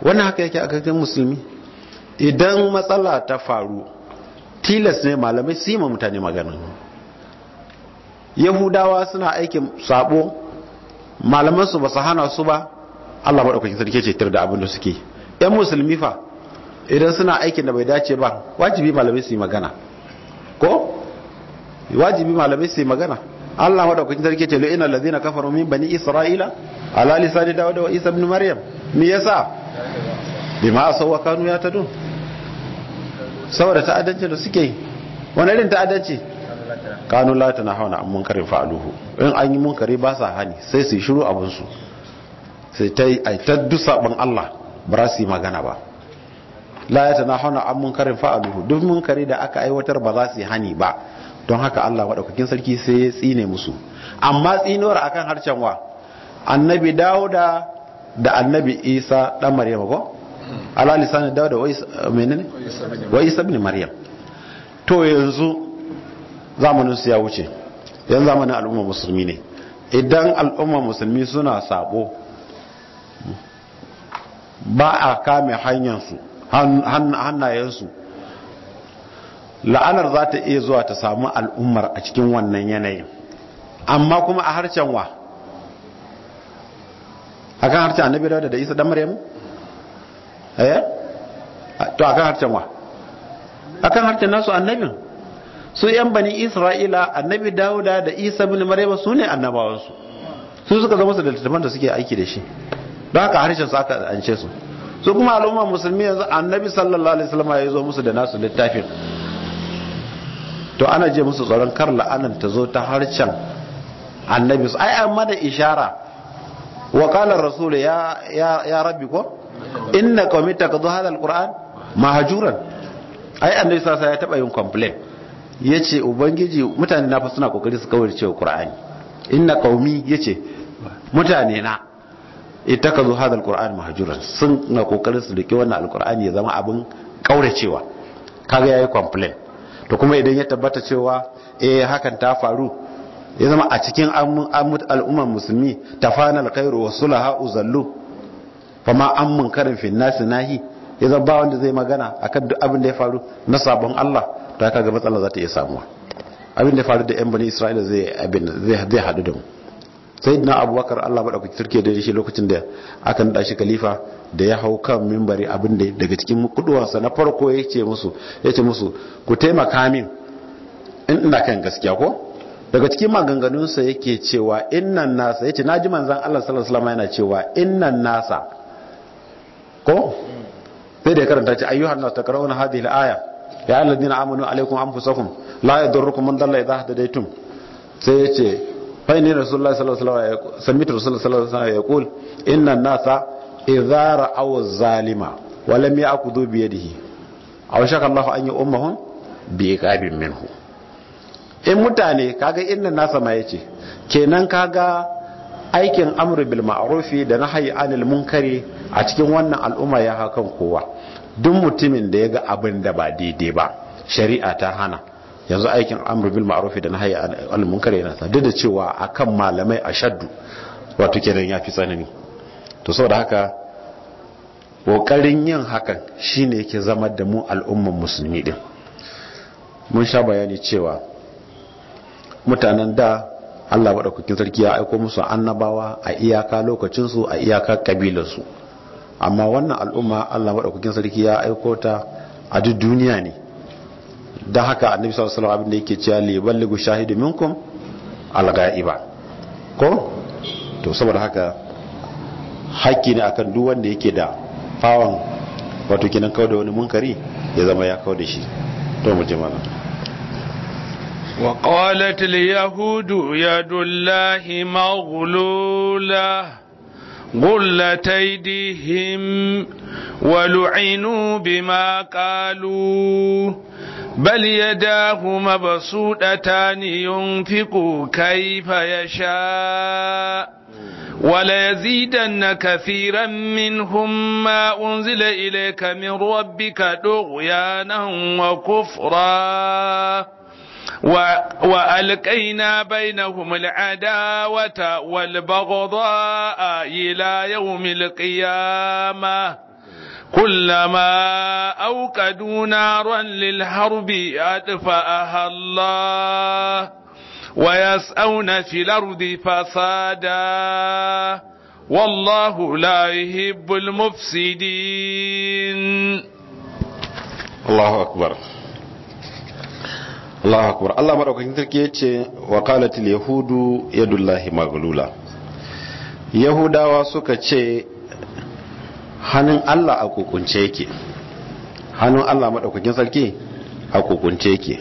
Speaker 2: wannan haka yake akan musulmi idan matsala ta faru tilas ne malamai su yi ma mutane magana yahudawa suna aikin sabo malamansu ba su hana su ba Allah maɗaukakin sarki ce tir da abin da suke yan musulmi fa idan suna aikin da bai dace ba wajibi malamai su yi magana ko wajibi malamai su yi magana Allah wada madaukakin sarki ce lu'ina allazina kafaru min bani isra'ila ala lisani dawud wa isa ibn maryam me yasa bima asaw wa kanu yatadun saboda ta'addanci da suke wani irin ta'addanci kanu la tanahuna an munkarin fa'aluhu in an yi munkari ba sa hani sai su shiru abun su sai ta yi dusa saban Allah ba su yi magana ba la ya tanahuna an munkarin fa'aluhu duk munkari da aka aiwatar ba za su yi hani ba don haka Allah maɗaukakin sarki sai ya tsine musu amma tsinuwar akan harshen wa annabi dawuda da annabi isa ɗan maryam ko ala ne dawuda wa isa bin maryam to yanzu zamanin su ya wuce yanzu zamanin al'umma musulmi ne idan al'umma musulmi suna sabo ba a kame hanyarsu hannayensu la'anar za ta iya zuwa ta samu al'ummar a cikin wannan yanayin amma kuma a harshen wa a kan harshen annabi da isa dan maryam eh to a kan harshen wa a kan harshen nasu annabin su yan bani isra'ila annabi dauda da isa bin maryam su ne annabawansu su suka zama su da littattafan da suke aiki da shi don haka harshen su aka ance su su kuma al'umma musulmi yanzu annabi sallallahu alaihi wasallam ya zo musu da nasu littafin to ana je musu tsoron kar la'anan ta zo ta harcen annabi su ai amma da ishara wa qala rasul ya ya rabbi ko inna qaumi takadu hadha alquran mahjuran ai annabi sasa ya taba yin ya yace ubangiji mutane na fa suna kokari su kawar cewa qur'ani inna qaumi yace mutane na itakazu hadha alquran mahjuran sun na kokari su dake wannan alqur'ani ya zama abin cewa kaga yayi complain to kuma idan ya tabbata cewa eh hakan ta faru ya zama a cikin al'ummar musulmi tafana alkhairu wa sulaha uzallu fama an karin fi nasi nahi ya zama ba wanda zai magana akan duk abin da ya faru na sabon Allah to kaga matsala za ta iya samuwa abin da ya faru da yan bani Isra'ila zai abin hadu da mu Sai sayyidina abubakar Allah bada ku turke da shi lokacin da aka nada shi kalifa. da ya hau kan mimbari abin da daga cikin kuduwansa na farko ya ce musu ya ce musu ku taimaka min in ina kan gaskiya ko daga cikin maganganunsa yake cewa innan nasa na ji manzan Allah sallallahu alaihi wasallam yana cewa innan nasa ko sai da ya karanta ce ayyuhan nas taqrauna hadhihi al-aya ya alladhina amanu alaikum anfusakum la yadurrukum man dalla idha hadaytum sai yace fa inna rasulullahi sallallahu alaihi wasallam sami'tu rasulullahi sallallahu alaihi wasallam yaqul innan nasa izara awa zalima aku zo biye bi yadihi aw shaka Allahu an yi yu'ammahum bi iqabin minhu in mutane kaga inna nasa ma yace kenan kaga aikin amru bil ma'rufi da nahyi anil munkari a cikin wannan al'umma ya hakan kowa duk mutumin da ya ga abin da ba daidai ba shari'a ta hana yanzu aikin amru bil ma'rufi da nahyi anil munkari yana duk da cewa akan malamai ashaddu wato kenan ya fi tsanani to saboda haka ƙoƙarin yin hakan shine yake zama da mu al'umman musulmi din mun sha bayani cewa mutanen da Allah kukin sarki ya aiko musu annabawa a iyaka lokacinsu a iyaka ƙabilarsu amma wannan al'umma Allah kukin sarki ya aiko ta a duk duniya ne da haka annabi sallallahu alaihi wasallam yake cewa li ballighu shahidu minkum al-ghaiba ko to saboda haka haƙƙi ne akan duk wanda yake da fawon wato kinan kawo da wani munkari ya zama ya kawo da shi to mu je mana
Speaker 1: wa qalat lil yahud ya dullahi maghlula qullat aydihim bima qalu بل يداه مبسوطتان ينفق كيف yasha. وليزيدن كثيرا منهم ما أنزل إليك من ربك طغيانا وكفرا وألقينا بينهم العداوة والبغضاء إلى يوم القيامة كلما أوقدوا نارا للحرب أدفأها الله ويسأون في الأرض فسادا والله لا يحب المفسدين
Speaker 2: الله أكبر الله أكبر الله مرحبا كنت yace wa qalat al yahudu yadullahi maghlula yahudawa suka hannun Allah a kokunce yake hannun Allah madaukakin sarki a kokunce yake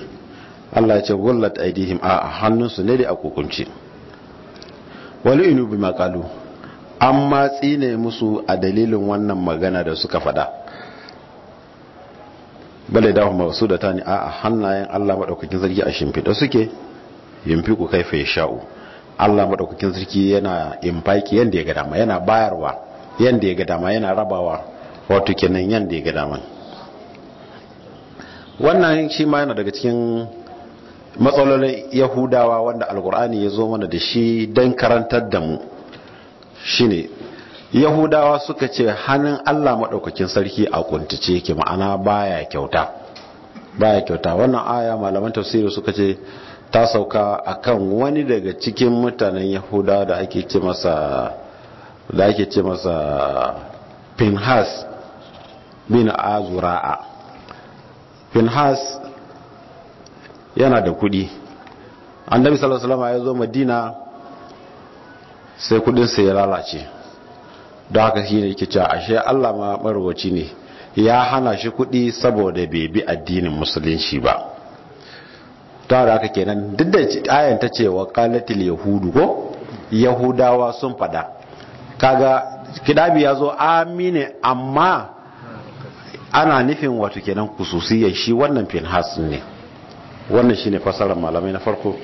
Speaker 2: Allah ya ce gullat aidihim a hannunsu ne da a kokunci wani inu bi makalu an matsi ne musu a dalilin wannan magana da suka fada bale da kuma su da tani a hannayen Allah madaukakin sarki a shimfiɗa suke yimfiku ku ya sha'u Allah madaukakin sarki yana infaki yanda ya ga dama yana bayarwa yanda ya ga dama yana rabawa wato kenan yanda ya ga dama wannan shi ma yana daga cikin matsalolin yahudawa wanda alkur'ani ya zo mana da shi don karantar da mu shine yahudawa suka ce hannun allah maɗaukakin sarki a kuntace ke ma'ana baya kyauta baya kyauta wannan aya malaman tafsiri suka ce ta sauka akan wani daga cikin mutanen yahudawa da ake ce masa da ake ce masa pinhas bin azura'a pinhas yana da kudi annabi sallallahu alaihi wasallam ya zo madina sai kudin sa ya lalace don haka shi ne yake cewa ashe Allah ma marwaci ne ya hana shi kudi saboda bai bi addinin musulunci ba ta da haka kenan duk da ayan ta ce wa qalatil yahudu ko yahudawa sun fada kaga kidabi ya zo amine amma ana nufin wato kenan kususiyar shi wannan finhas ne wannan shine fasarar malamai na farko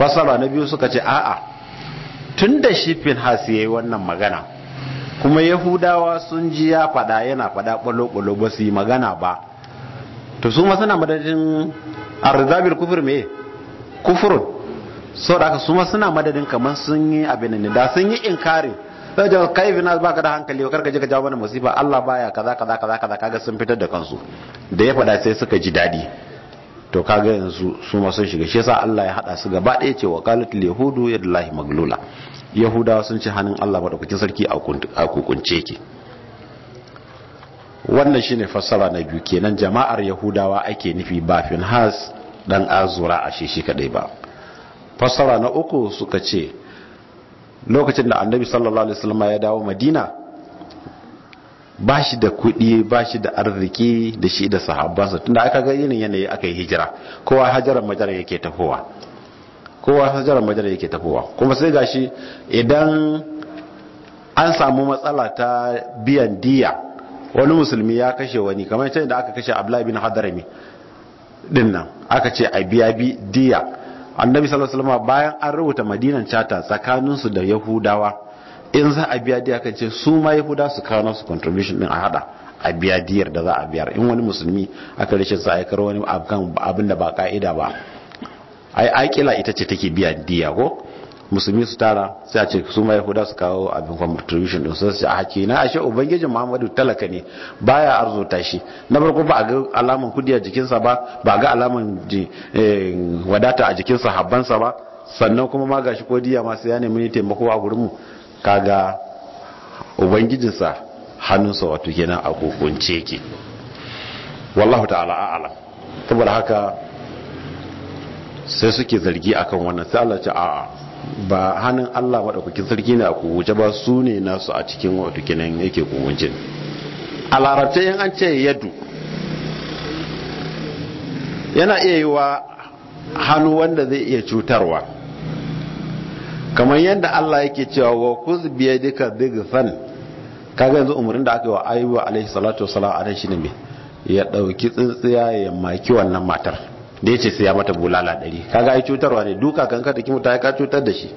Speaker 2: fasara na biyu suka ce a'a tun da shi ya yayi wannan magana kuma Yahudawa sun ji ya fada yana fada balo-balo ba su yi magana ba to su ma suna madadin arzabir kufur me kufur sau da aka su ma suna madadin kamar sun yi abin ne da sun yi kare sai jawo kai ba baka da hankali karka je ka jawo mana masifa Allah baya kaza kaza kaza kaza kaga sun fitar da kansu da ya fada sai suka ji dadi to kaga yanzu su ma sun shiga shi yasa Allah ya hada su gaba ɗaya ce wa Lihudu yahudu yadullahi maglula yahudawa sun ce hannun Allah madaukakin sarki a kukunce ki wannan shine fassara na biyu kenan jama'ar yahudawa ake nufi ba finhas dan azura a shi shi kadai ba fassara na uku suka ce lokacin da annabi sallallahu alaihi wasallam ya dawo madina ba shi da kuɗi ba shi da arziki da shi da sahabbansa tunda aka ga irin yanayi aka yi hijira kowa hajjarar madara yake tafowa kowa hajjarar yake tafowa kuma sai gashi idan an samu matsala ta biyan diya wani musulmi ya kashe wani kamar can da aka kashe abdullahi bin hadarami din aka ce a biya bi diya annabi sallallahu alaihi wasallam bayan an rubuta madinan chata tsakaninsu da yahudawa in za a biya diya kan ce su ma yahuda su kawo nasu contribution din a hada a biya diyar da za a biyar in wani musulmi aka rashin sa aikar wani abin da ba ka'ida ba ai akila ita ce take biya diya ko musulmi su tara sai a ce su ma yahuda su kawo abin contribution din sai a haki na ashe ubangijin muhammadu talaka ne baya arzuta shi na farko ba a ga alaman kudiya a jikinsa ba ba a ga alaman eh, wadata a jikinsa habbansa ba sannan kuma ma gashi ko diya ma sai ya nemi taimako a gurin mu kaga ubangijinsa hannunsa wato kenan a kokunce ke wallahu ta'ala a'ala saboda haka sai suke zargi akan wannan sai Allah ce a'a ba hannun Allah madaukakin zargi ne a kokunce ba su ne nasu a cikin wato kenan yake kokunce a larabce in an ce yadu yana iya yi wa hannu wanda zai iya cutarwa kamar yadda Allah yake cewa wa kuz biyadika dhigfan kaga yanzu umarnin da aka yi wa ayyuba alaihi salatu wasalam a shi ne ya dauki tsintsiya ya maki wannan matar da yace sai ya mata bulala dari kaga ya cutarwa ne duka kan ka kimuta ya ka cutar da shi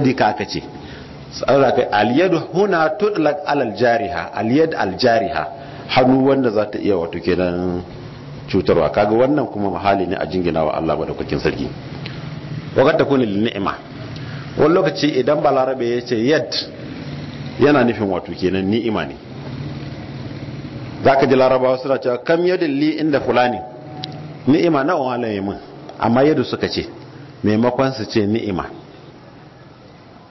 Speaker 2: duka ka ce saboda kai aliyadu huna alal jariha aliyad al hannu wanda za iya wato kenan cutarwa kaga wannan kuma mahali ne a jingina wa Allah da madaukakin sarki wakar takunin ni'ima wani lokaci idan balarabe ya ce yad yana nufin wato kenan ni'ima ne za ka ji larabawa suna cewa kam yadin li inda kula fulani ni'ima na wahala yi min amma yadda suka ce maimakon su ce ni'ima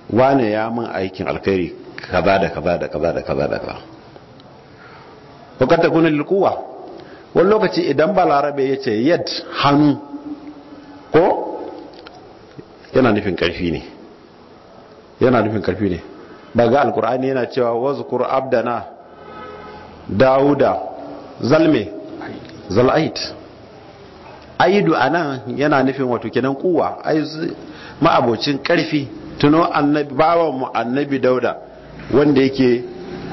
Speaker 2: wane ya min aikin alkhairi kaza da kaza da kaza da kaza da kaza wakar ta kuna lilkuwa wani lokaci idan ba larabe ya ce yad hannu ko yana nufin karfi ne yana nufin karfi ne ba ga alkur'ani yana cewa wazkur abdana dauda zalme Zala'id, aidu a nan yana nufin wato kenan kuwa ai ma'abocin karfi tuno annabi bawan mu annabi dauda wanda yake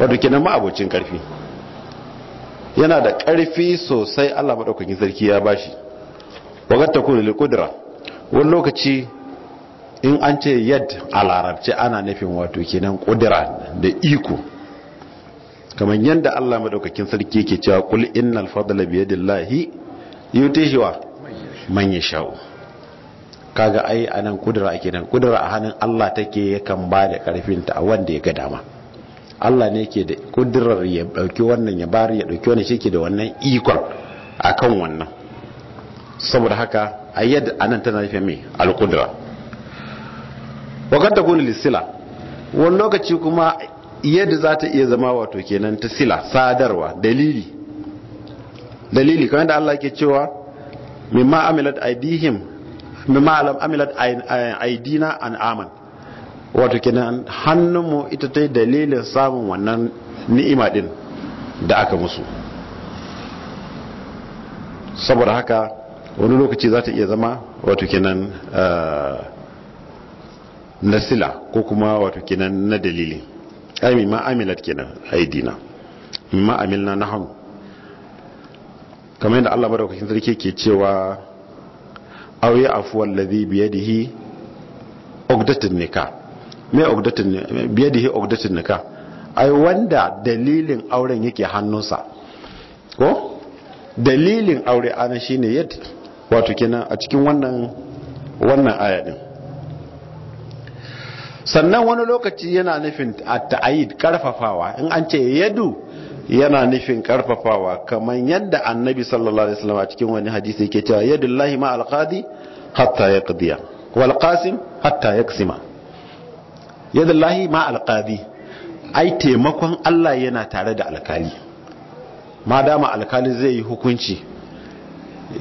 Speaker 2: wato kenan ma'abocin karfi yana da karfi sosai Allah madaukakin sarki ya bashi wa gatta wani lokaci in an ce yad a larabci ana nufin wato kenan kudura da iko kamar yadda Allah maɗaukakin sarki yake cewa kul innal fadla bi yadillahi yutihi wa manya sha'u. kaga ai anan kudura a nan kudura a hannun Allah take yakan ba da karfin ta a wanda ya ga dama Allah ne ke da kudurar ya ɗauki wannan ya bari ya dauki wani shi da wannan ikon kan wannan saboda haka ayyad anan tana nufin mai al'kudura. wakar ta kuni lissila wani lokaci kuma yadda za ta iya zama wato kenan ta sila sadarwa dalili dalili kamar yadda Allah ke cewa mimma amilat aidihim mimma alam amilat aidina an aman wato kenan hannunmu ita ta dalilin samun wannan ni'ima din da aka musu saboda haka wani lokaci za ta iya zama wato kenan uh, na sila ko kuma wato kenan na dalili ai mimma amilat kenan aidina mimma amilna nahnu kamar yadda Allah madaukakin sarki ke cewa aw ya afu allazi bi yadihi uqdatun nikah mai uqdatun bi yadihi uqdatun nikah ai wanda dalilin auren yake hannunsa ko dalilin aure ana shine yadda wato kenan a cikin wannan wannan aya din sannan wani lokaci yana nufin ta'ayid karfafawa in an ce yadu yana nufin karfafawa kamar yadda annabi sallallahu alaihi wasallam a cikin wani hadisi yake cewa yadullahi ma alqadi hatta yaqdiya wal qasim hatta yaqsima yadullahi ma alqadi ai taimakon Allah yana tare da alkali ma dama alkali zai yi hukunci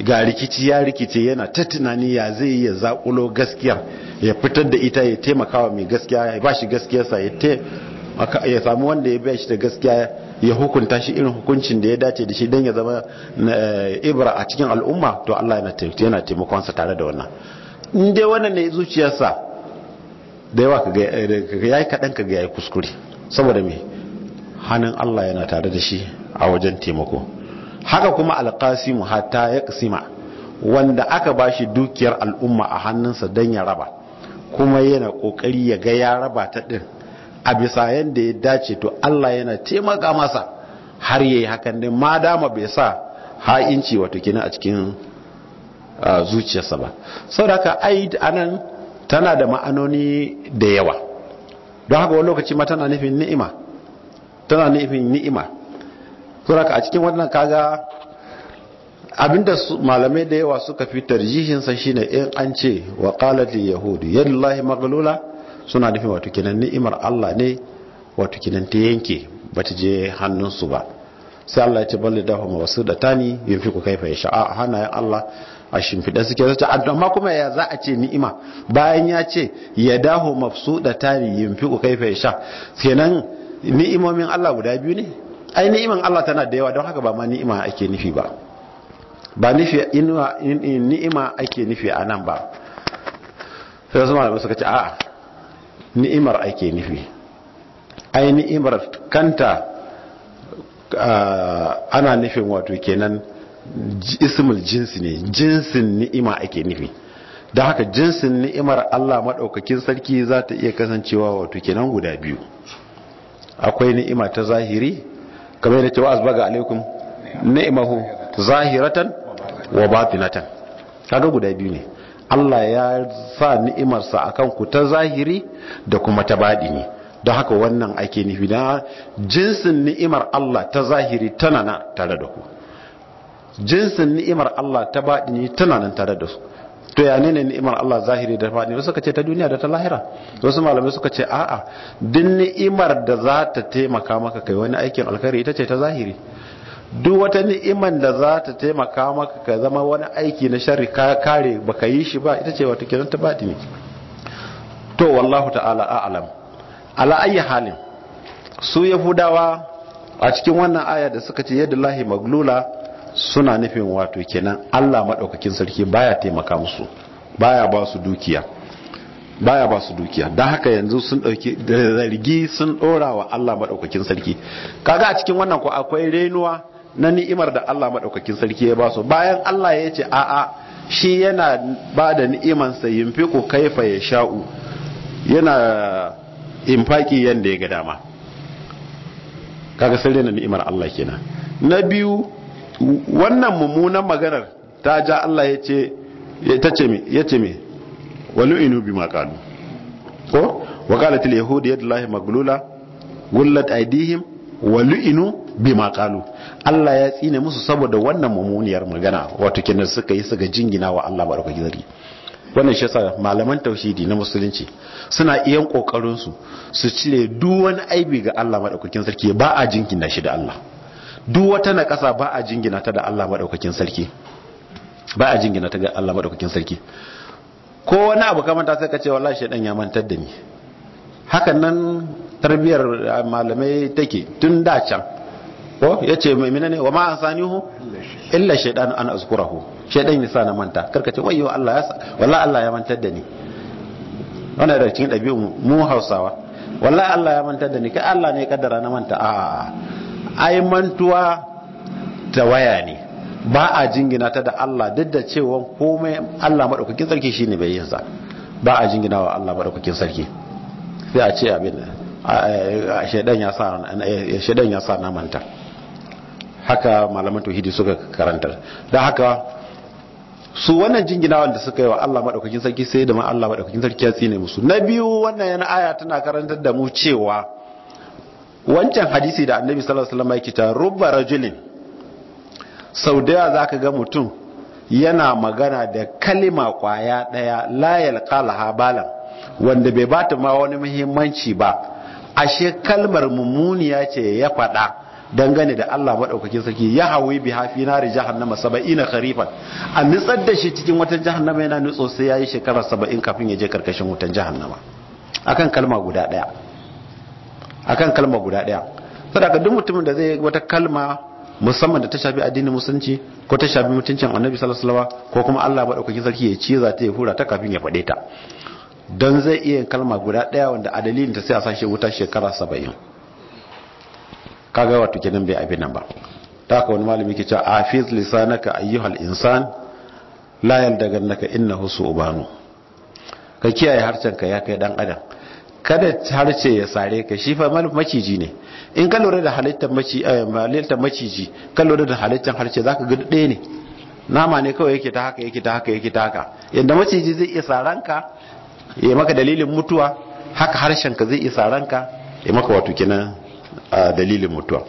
Speaker 2: ga rikici ya rikice yana ta tunani ya zai iya zakulo gaskiyar ya fitar da ita ya taimakawa mai gaskiya ya ba shi gaskiyarsa ya ya samu wanda ya biya shi da gaskiya ya hukunta shi irin hukuncin da ya dace da shi don ya zama ibra a cikin al'umma to Allah yana taimakonsa tare da wannan in dai wannan ne zuciyarsa da yawa ya kaɗan ka ga ya kuskure saboda me hannun Allah yana tare da shi a wajen taimako haka kuma AlKasimu hatta ya kasima wanda aka bashi dukiyar al'umma a hannunsa don ya raba kuma yana kokari ya ga ya raba ta din a bisa yadda ya dace to Allah yana taimaka masa har yayi hakan din ma dama bai sa ha'inci wato kina a cikin zuciyarsa ba saboda haka aid anan tana da ma'anoni da yawa don haka wani lokaci ma tana nufin ni'ima tana nufin ni'ima to a cikin wannan kaga abinda malamai da yawa suka fi tarjihinsa shine in an ce wa qalat yahudu yadullahi maglula suna nufin wato kinan ni'imar Allah ne wato kinan ta yanke bata je hannunsu ba sai Allah ya ce balle da ma wasu da tani yin fi ku kaifa ya sha'a hannayen Allah a shimfidan suke zace amma kuma ya za a ce ni'ima bayan ya ce ya daho mafsuda da tani yin fi ku kaifa ya sha kenan ni'imomin Allah guda biyu ne ai ni'iman Allah tana da yawa don haka ba ma ni'ima ake nufi ba ba nufi inuwa ni'ima ake nufi a nan ba sai wasu malamai suka ce a ni'imar ake nufi ai ni'imar kanta ana nufin wato kenan ismul jinsi ne jinsin ni'ima ake nufi don haka jinsin ni'imar Allah maɗaukakin sarki za ta iya kasancewa wato kenan guda biyu akwai ni'ima ta zahiri kamar yadda cewa asbaga alaikum ni'mahu zahiratan wa batinatan kaga guda biyu ne Allah ya sa ni'imarsa akan ku ta zahiri da kuma ta badini don haka wannan ake nufi na jinsin ni'imar Allah ta zahiri tana nan tare da ku jinsin ni'imar Allah ta badini tana nan tare da su to ya nene ni'imar Allah zahiri da fadi wasu suka ce ta duniya da ta lahira wasu malamai suka ce a'a duk ni'imar da za ta taimaka maka kai wani aikin alkhairi ita ce ta zahiri duk wata ni'imar da za ta taimaka maka ka zama wani aiki na sharri ka kare baka yi shi ba ita ce wata kiran ta ne to wallahu ta'ala a'lam ala ayi halin su yahudawa a cikin wannan aya da suka ce yadda lahi maglula suna nufin wato kenan Allah maɗaukakin sarki baya taimaka musu baya ba su dukiya baya ba su dukiya don haka yanzu sun ɗauki zargi sun ɗora wa Allah maɗaukakin sarki kaga a cikin wannan ko akwai renuwa na ni'imar da Allah maɗaukakin sarki ya ba su bayan Allah ya ce a'a shi yana ba da ni'iman ni'imansa yunfiku kaifa ya sha'u yana infaki yanda ya ga dama kaga sai na ni'imar Allah kenan na biyu wannan mummunan maganar ta ja Allah ya ce ya ce me inu bi makalu ko wakalatul yahudi yadullahi maglula gullat wani walu'inu bi makalu Allah ya tsine musu saboda wannan mummuniyar magana wato kenan suka yi suka jingina wa Allah madaukakin sarki wannan shi yasa malaman tauhidi na musulunci suna iyan kokarin su cire duk wani aibi ga Allah madaukakin sarki ba a da shi da Allah duk wata na ƙasa ba a jingina ta da Allah maɗaukakin sarki ba a jingina ta ga Allah maɗaukakin sarki ko wani abu ta sai ka ce wallahi shaidan ya mantar da ni hakan nan tarbiyar eh, malamai take tun da can ko ya ce mai minane wa ma asanihu illa shaidan an azkurahu shaidan ya sa na manta karka ce wayyo Allah ya wallahi Allah ya mantar da ni wannan da cikin ɗabi'u mu Hausawa wallahi Allah ya mantar da ni kai Allah ne ya kaddara na manta a'a Aimantuwa ta waya ne ba a jingina ta da Allah duk da cewa komai Allah madaukakin sarki shine bai yin sa ba a jingina wa Allah madaukakin sarki sai a ce abin a shedan ya sa shedan ya sa namanta haka malaman tauhidi suka karanta dan haka su wannan jinginawan da suka yi wa Allah madaukakin sarki sai da ma Allah madaukakin sarki ya tsine musu na biyu wannan yana aya tana karantar da mu cewa wancan hadisi da annabi sallallahu alaihi wasallam yake ta rubba rajulin sau da za zaka ga mutum yana magana da kalima kwaya daya la yalqala balan wanda bai bata ma wani muhimmanci ba ashe kalmar mummuniya ce ya faɗa dangane da Allah maɗaukakin sarki ya hawi bi hafi na ri jahannama saba'in kharifan a nutsar da shi cikin wata jahannama yana nutso sai yayi shekara saba'in kafin ya je karkashin wutan jahannama akan kalma guda ɗaya akan kalma guda daya saboda duk mutumin da zai wata kalma musamman da ta shafi addinin musulunci ko ta shafi mutuncin annabi sallallahu alaihi wasallam ko kuma Allah madaukakin sarki ya ce za ta hura ta kafin ya fade ta don zai iya kalma guda daya wanda a dalilin ta sai a sashe wuta shekara 70 kaga wato kenan bai abin nan ba ta ka wani malami ke cewa afiz lisanaka ayyuhal insan la yaldagannaka innahu su'banu ka kiyaye ka ya kai dan adam kada harce ya sare ka shi fa maciji ne in ka lura da eh, halittar maciji ka lura da halittar harce za ka gudu ɗaya ne nama ne kawai yake ta haka yake ta haka yake ta haka yadda maciji zai iya saran ka ya maka dalilin mutuwa haka harshen ka zai iya saran ka ya maka wato kenan dalilin mutuwa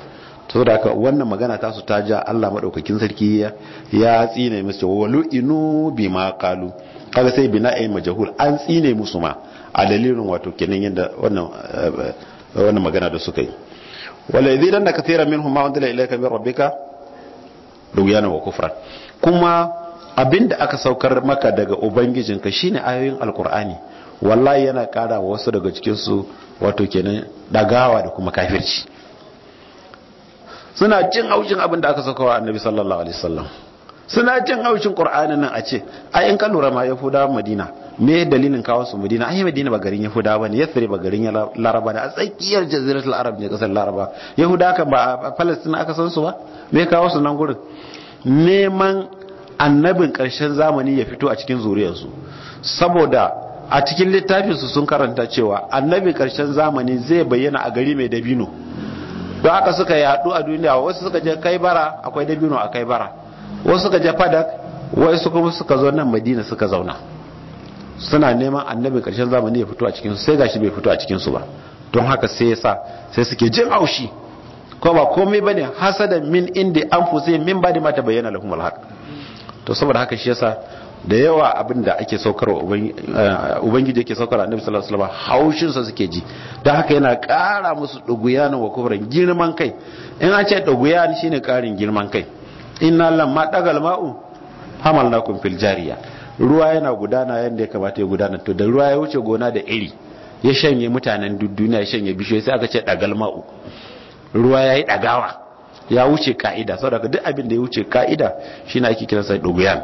Speaker 2: da haka wannan magana tasu ta ja Allah madaukakin sarki ya tsine musu walu inu bima qalu kaga sai bina'i majhul an tsine musu ma a dalilin wato kenan yadda wannan eh, eh, magana da suka yi wala yadhilanna kathiran minhum ma unzila ilayka min rabbika rubyana wa kufra kuma abinda aka saukar maka daga ubangijinka shine ayoyin alkur'ani wallahi yana kara wa wasu daga cikinsu wato kenan dagawa da kuma kafirci suna jin haushin abin da aka sauka wa annabi sallallahu alaihi wasallam suna jin haushin qur'anin nan a ce ai in ka lura ma yahuda madina me dalilin kawo su madina ai madina ba garin yahuda ba ne yasri ba garin laraba ne a tsakiyar jaziratul arab ne kasar laraba yahuda ka ba a palestina aka san su ba me kawo su nan gurin neman annabin karshen zamani ya fito a cikin zuriyarsu saboda a cikin littafin su sun karanta cewa annabi karshen zamani zai bayyana a gari mai dabino don aka suka yadu a duniya wasu suka je kai bara akwai dabino a kai bara wasu suka je fadak wasu kuma suka zo nan madina suka zauna suna neman annabi karshen zamani ya fito a cikin sai gashi bai fito a cikin ba don haka sai yasa sai suke jin haushi ko ba komai bane hasada min inda an fuse min ba ba'di ma bayyana lahum alhaq to saboda haka shi yasa da yawa abinda da ake saukarwa eh, ubangiji yake saukarwa annabi sallallahu alaihi wasallam haushin sa suke ji don haka yana kara musu duguyanin wa kufrin girman kai in an ce duguyan shine ƙarin girman kai inna lamma dagal ma'u hamalnakum fil jariya ruwa yana gudana yadda ya kamata ya gudana to da ruwa ya wuce gona da iri ya shanye mutanen duniya ya shanye bishiyoyi sai aka ce dagal ma'u ruwa ya yi dagawa ya wuce ka'ida saboda duk abin da ya wuce ka'ida na ake kiransa duguyan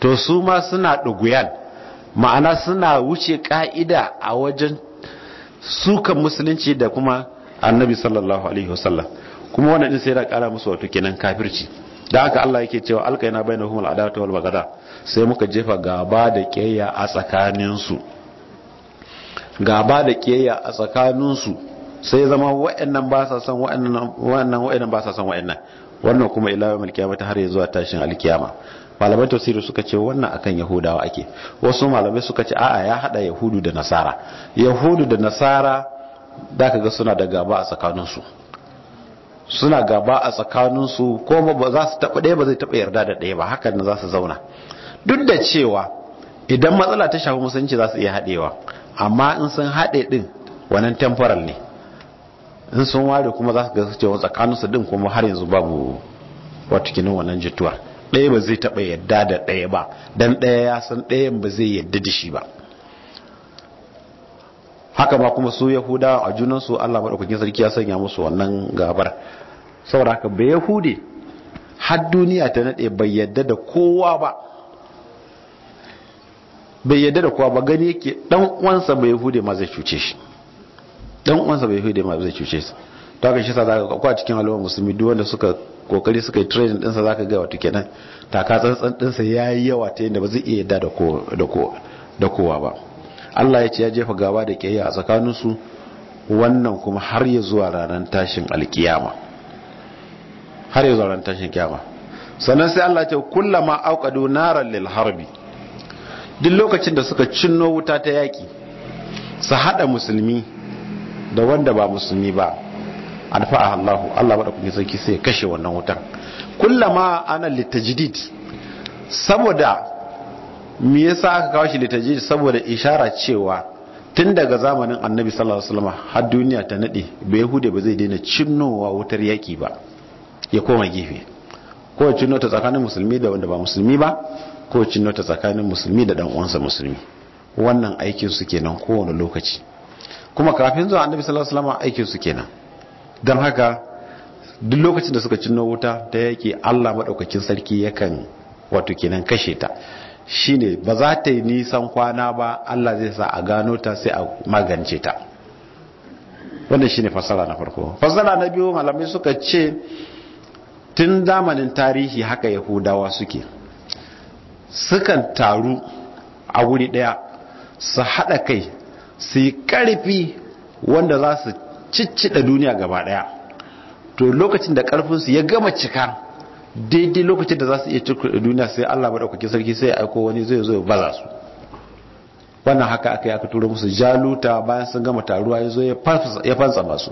Speaker 2: to su ma suna duguyan ma'ana suna wuce ka'ida a wajen sukan musulunci da kuma annabi sallallahu alaihi wasallam kuma wannan din sai da kara musu wato kenan kafirci da haka Allah yake cewa alkaina bainahum al'adatu wal bagada sai muka jefa gaba da keya a tsakaninsu gaba da keya a tsakaninsu sai zama wa'annan ba sa san wa'annan wa'annan ba sa san wa'annan wannan kuma ila yawmil ta har zuwa tashin alkiyama malamai tafsiri suka ce wannan akan yahudawa ake wasu malamai suka ce a'a ya hada yahudu da nasara yahudu da nasara da kaga suna da gaba a tsakaninsu suna gaba a tsakaninsu ko ba za su taba ɗaya ba zai taba yarda da ɗaya ba hakan za su zauna duk da cewa idan matsala ta shafi musulunci za su iya haɗewa amma in sun haɗe ɗin wannan temporal ne in sun ware kuma za su ga cewa tsakaninsu ɗin kuma har yanzu babu watakinin wannan jituwa ɗaya ba zai taɓa yadda da ɗaya ba don ɗaya ya san ɗayan ba zai yadda da shi ba haka ma kuma su yahuda a junansu allah maɗaukakin sarki ya sanya musu wannan gabar saboda haka bai yahudi har duniya ta naɗe bai yadda da kowa ba bai yadda da kuwa ba gani yake dan uwansa bai hude ma zai cuce shi dan uwansa bai hude ma zai cuce shi to haka shi sa zaka kwa cikin al'umma musulmi duk wanda suka kokari suka yi training din sa zaka ga wato kenan taka tsantsan din sa yayi yawa ta yanda ba zai iya yadda da ko da ko da kowa ba Allah ya ce ya jefa gaba da kiyayya a tsakanin su wannan kuma har ya zuwa ranar tashin alkiyama har ya zuwa ranar tashin kiyama sannan sai Allah ya ce kullama auqadu naran lil harbi duk lokacin da suka cinno wuta ta yaƙi su haɗa musulmi da wanda ba musulmi ba alfa'a Allahu Allah bada kuma sarki sai ya kashe wannan wutan kullama ana litajdid saboda me yasa aka kawo shi litajdid saboda ishara cewa tun daga zamanin annabi sallallahu alaihi wasallam har duniya ta nade bai yahude ba zai daina cinnowa wutar yaki ba ya koma gefe ko ya cinno ta tsakanin musulmi da wanda ba musulmi ba ko cinnota tsakanin musulmi da dan uwansa musulmi wannan aikin su kenan kowane lokaci kuma kafin zuwa annabi sallallahu alaihi wasallam aikin su kenan dan haka duk lokacin da suka cinno wuta ta yake Allah madaukakin sarki yakan wato kenan kashe ta shine ba za ta yi nisan kwana ba Allah zai sa a gano ta sai a magance ta wannan shine fasara na farko fasara na biyu malamai suka ce tun zamanin tarihi haka yahudawa suke sukan taru a wuri daya su haɗa kai su yi ƙarfi wanda za su ciccida duniya gaba daya to lokacin da ƙarfinsu ya gama cika daidai lokacin da za su iya cikin duniya sai allah maɗaukaki sarki sai aiko wani zai zo ya baza su wannan haka aka yi aka turo musu jaluta bayan sun gama taruwa ya zo ya fansa masu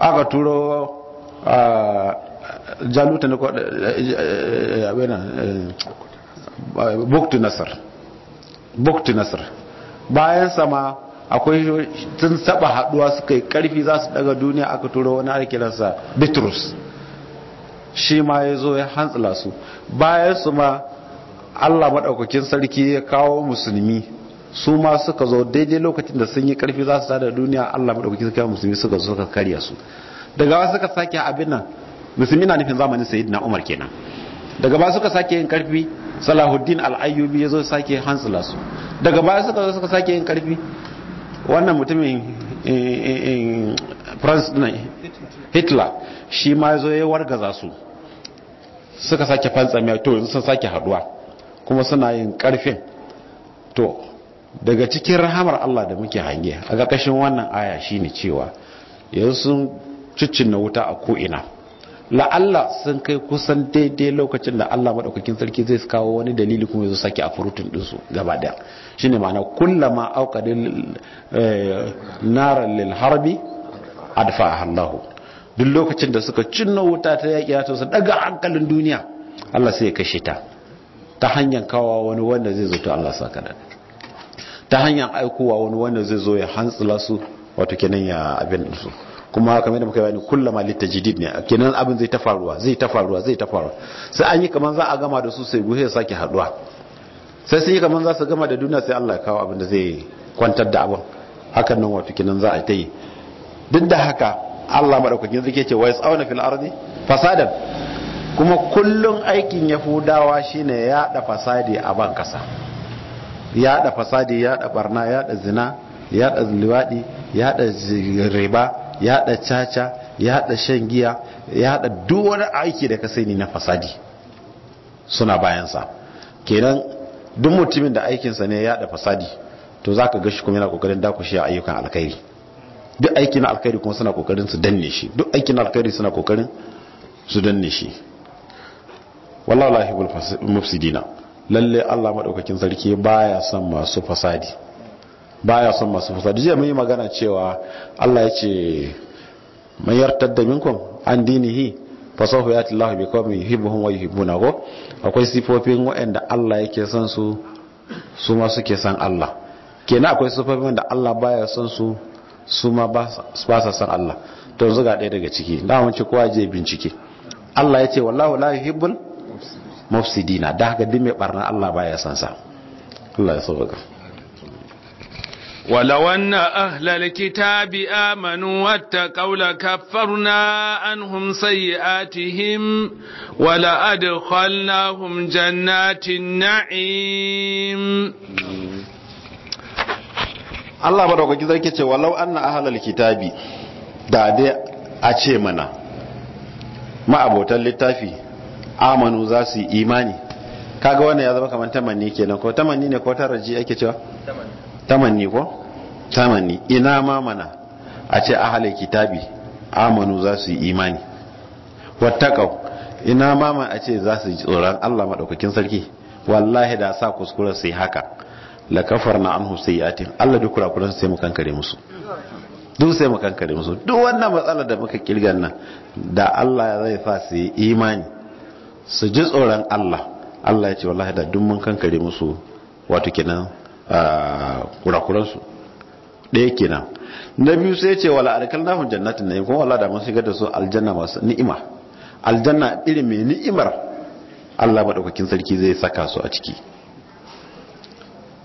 Speaker 2: aka turo ah, jaluta na kwaɗa eh, eh, eh, buktu nasar buktu nasar bayan sama akwai tun saba haduwa suka yi karfi za su daga duniya aka turo wani arkilarsa bitrus shi ma ya zo ya hantsila su bayan su ma allah maɗaukakin sarki ya kawo musulmi su ma suka zo daidai lokacin da sun yi karfi za su da duniya allah maɗaukakin sarki musulmi suka zo suka karya su daga wasu suka sake abin nan musulmi na nufin zamanin na umar kenan daga ba suka sake yin karfi salahuddin al'ayyubi ya zo sake hansula su daga baya suka zo suka sake yin karfi wannan mutumin france eh, eh, eh, hitler shi ma zo ya wargaza su suka sake fantsamiya to yanzu sun sake haduwa kuma suna yin karfin to daga cikin rahamar allah da muke hange a ƙarƙashin wannan aya shine cewa yanzu sun ciccin na wuta a ko'ina la'alla sun kai kusan daidai lokacin da Allah madaukakin sarki zai kawo wani dalili kuma ya sake a furutun dinsu gaba daya shine ma'ana kullama auqadil eh, naral lil harbi adfa Allah duk lokacin da suka cinna wuta ta yaki ta su daga hankalin duniya Allah sai ya kashe ta ta hanyar kawo wani wanda zai zo to Allah saka da ta hanyar aikowa wani wanda zai zo ya hantsula su wato kenan ya abin su kuma kamar da muka bayani kullama litajdid ne kenan abin zai ta faruwa zai ta faruwa zai ta faruwa sai an yi kamar za a gama da su sai guhe sake haduwa sai sai kamar za su gama da duniya sai Allah ya kawo abin da zai kwantar da abin hakan nan wato kenan za a ta yi duk da haka Allah madaukakin zai ce wais auna fil ardi fasadan kuma kullun aikin yahudawa shine da fasadi a ban kasa da fasadi da barna da zina yada liwadi da riba ya haɗa caca ya haɗa shan giya ya haɗa duk wani aiki da ka sani na fasadi suna bayansa kenan duk mutumin da aikinsa ne ya haɗa fasadi to zaka ga shi kuma yana kokarin dakushi a ayyukan alkhairi duk aikin alkhairi kuma suna kokarin su danne shi duk aikin alkhairi suna kokarin su danne shi wallahi mufsidina lalle Allah madaukakin sarki baya son masu fasadi baya son masu da zai yi magana cewa Allah ya ce man yartadda minkum an dinihi fa sawfa yati Allahu bi qaumin hibuhun wai yuhibbuna ko akwai sifofin waɗanda Allah yake son su su ma suke son Allah Kena akwai sifofin wanda Allah baya son su su ma ba sa son Allah to yanzu ga ɗaya daga ciki da mun ce kowa je bincike Allah ya ce wallahu la yuhibbul mufsidina da haka duk mai barna Allah baya son sa Allah ya
Speaker 1: ولو أن أهل الكتاب آمنوا واتقوا لكفرنا عنهم سيئاتهم ولأدخلناهم جنات النعيم
Speaker 2: Allah madaukaki zarki ce walau anna ahlal kitabi da dai a ce mana ma'abotan littafi amanu za su yi imani kaga wannan ya zama kamar tamanni kenan ko tamanni ne ko ta taraji ake cewa tamanni ko tamani ina ma mana a ce ahalai kitabi amanu za su yi imani wattaqau ina ma ma a ce za su ji tsoron Allah maɗaukakin sarki wallahi da sa kuskure su yi haka la kafarna ya sayyatin Allah duk kurakuran sai mu kankare musu duk sai mu kankare musu duk wannan matsalar da muka kirgan nan da Allah zai fa su yi imani su ji tsoron Allah Allah ya ce wallahi da duk mun kankare musu wato kenan ah, kurakuran su ɗaya kenan na biyu sai ce wala arkalnahum jannatin na yi kuma wala da mun shigar da su aljanna masu ni'ima aljanna irin mai ni'imar Allah maɗaukakin sarki zai saka su a ciki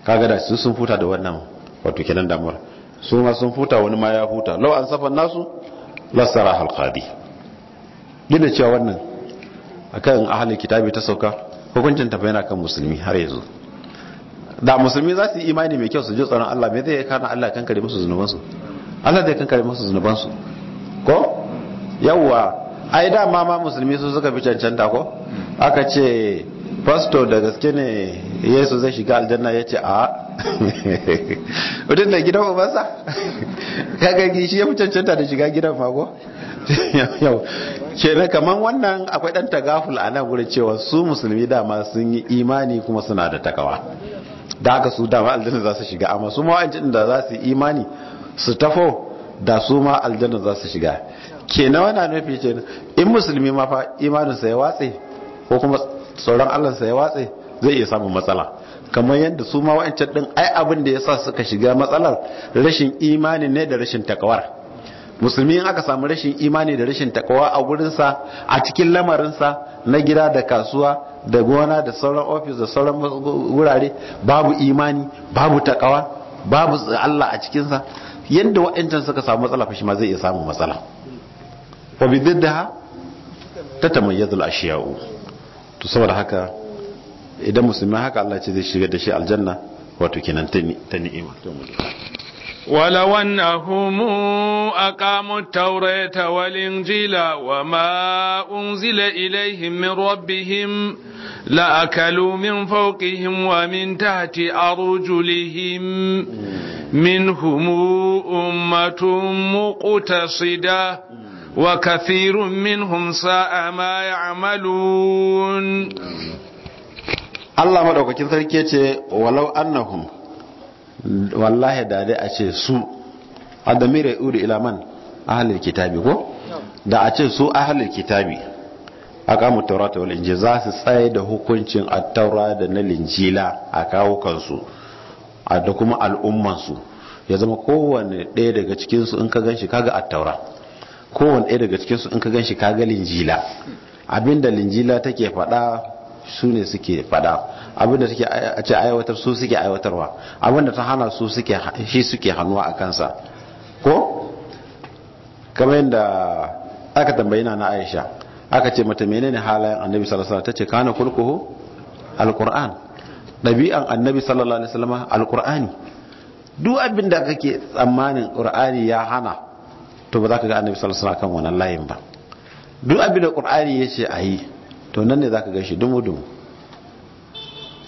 Speaker 2: kaga da su sun futa da wannan wato kenan damar su ma sun futa wani ma ya futa lau an safa nasu lasara halkadi gina cewa wannan akan ahalin kitabi ta sauka hukuncin tafi yana kan musulmi har yanzu da musulmi za su yi imani mai kyau su ji tsoron Allah me zai kana Allah kankare musu zunubansu Allah zai kankare musu zunubansu ko yawwa ai da ma ma musulmi su suka fi cancanta ko aka ce pasto da gaske ne yesu zai shiga aljanna ya ce a wadin da gidan ubansa kaga shi ya fi cancanta da shiga gidan fago yau kenan kamar wannan akwai dan tagaful a nan wurin cewa su musulmi dama sun yi imani kuma suna da takawa da aka su dama aljanna za su shiga amma su ma'ancin da za su yi imani su tafo da su ma aljanna za su shiga kenan wana nufi ce in musulmi ma fa imaninsa ya watse ko kuma tsoron allansa ya watse zai iya samun matsala kamar yadda su ma wa'ancan din ai abin da sa suka shiga matsalar rashin imani ne da rashin takawar musulmi in aka samu rashin imani da rashin takawa a gurinsa a cikin lamarinsa na gida da kasuwa da gona da sauran ofis da sauran wurare babu imani babu takawa babu Allah a cikinsa yadda waɗancan suka samu matsala fashi ma zai iya samun matsala wa bi diddaha ta tamayyazul ashiya'u to saboda haka idan musulmi haka Allah ce zai shiga da shi aljanna wato kenan ta ni'ima
Speaker 1: ولو أنهم أقاموا التوراة والإنجيل وما أنزل إليهم من ربهم لأكلوا من فوقهم ومن تحت أرجلهم منهم أمة مقتصدة وكثير منهم ساء ما يعملون
Speaker 2: الله مدعوك كثير كيتي ولو أنهم wallahi da dai a ce su adamira uri ila man ahlul kitabi ko da a ce su ahlul kitabi aqamu tawrata wal injil za su tsaye da hukuncin at-taura da na linjila a kawo kansu a da kuma al'umman ya zama kowanne ɗaya daga cikin su in ka ganshi kaga at-taura kowanne ɗaya daga cikin in ka ganshi kaga linjila abinda linjila take faɗa su ne suke faɗa abin da suke a ce aiwatar su suke aiwatarwa abin da ta hana su suke shi suke hannuwa a kansa ko kamar yadda aka tambayi na Aisha aka ce mata menene halayen annabi sallallahu alaihi wasallam tace kana kulkuhu alquran dabi'an annabi sallallahu alaihi wasallam alqurani duk abin da kake tsammanin qur'ani ya hana to ba za ka ga annabi sallallahu alaihi wasallam kan wannan layin ba duk abin da qur'ani yace ayi to nan ne za ka ga shi dumu dumu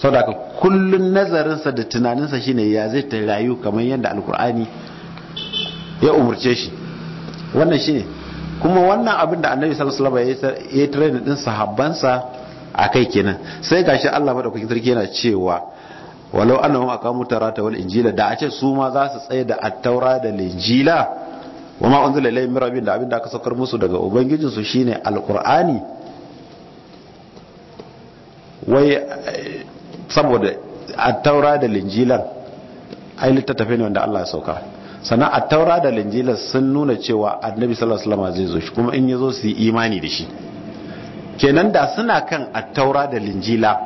Speaker 2: saboda kullun nazarinsa da tunaninsa shine ya zai ta rayu kamar yadda alkur'ani ya umarce shi wannan shine kuma wannan abin da annabi sallallahu alaihi ya yi da din sahabbansa akai kenan sai gashi Allah madaukakin sarki yana cewa walau annahum aqamu tarata wal injila da a ce su ma za su tsaya da a taura da injila wa unzila ilayhim min rabbihim da abin da aka saukar musu daga ubangijin su shine alqur'ani saboda a taura da linjilan ai littattafe ne wanda Allah ya sauka sannan a taura da linjilan sun nuna cewa annabi sallallahu alaihi wasallam zai zo shi kuma in ya zo su yi imani da shi kenan da suna kan a taura da linjila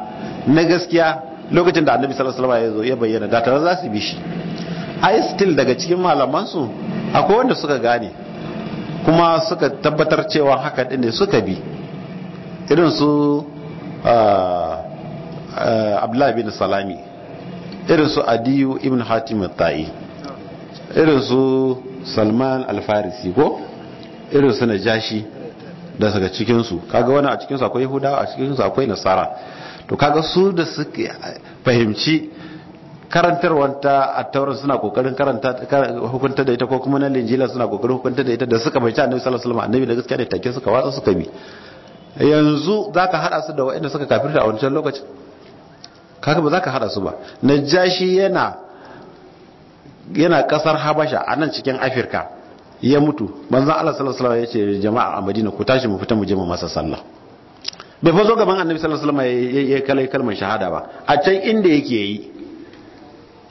Speaker 2: na gaskiya lokacin da annabi sallallahu alaihi wasallam ya zo ya bayyana da tare za su bi shi ai still daga cikin malaman su akwai wanda suka gane kuma suka tabbatar cewa haka din ne suka bi irin su ah, Eh, abdullahi bin salami irin su adiyu ibn hatim ta'i irin su salman alfarisi ko irin su najashi da daga cikinsu kaga wani a cikinsu akwai yahudawa a cikinsu akwai nasara to kaga su da suke fahimci karantarwar ta a taurin suna kokarin karanta hukunta da ita ko kuma na linjila suna kokarin hukunta da ita da suka bai ci annabi sallallahu alaihi wasallam annabi da gaskiya da take suka watsa suka bi yanzu zaka hada su da waɗanda suka kafirta a wancan lokacin kaka ba za ka hada su ba najashi yana yana kasar habasha a nan cikin afirka ya mutu banzan allah sallallahu alaihi ya ce jama'a a madina ku tashi mu fita mu je mu masa sallah bai fa zo gaban annabi sallallahu alaihi wasallam ya kalai kalmar shahada ba a can inda yake yi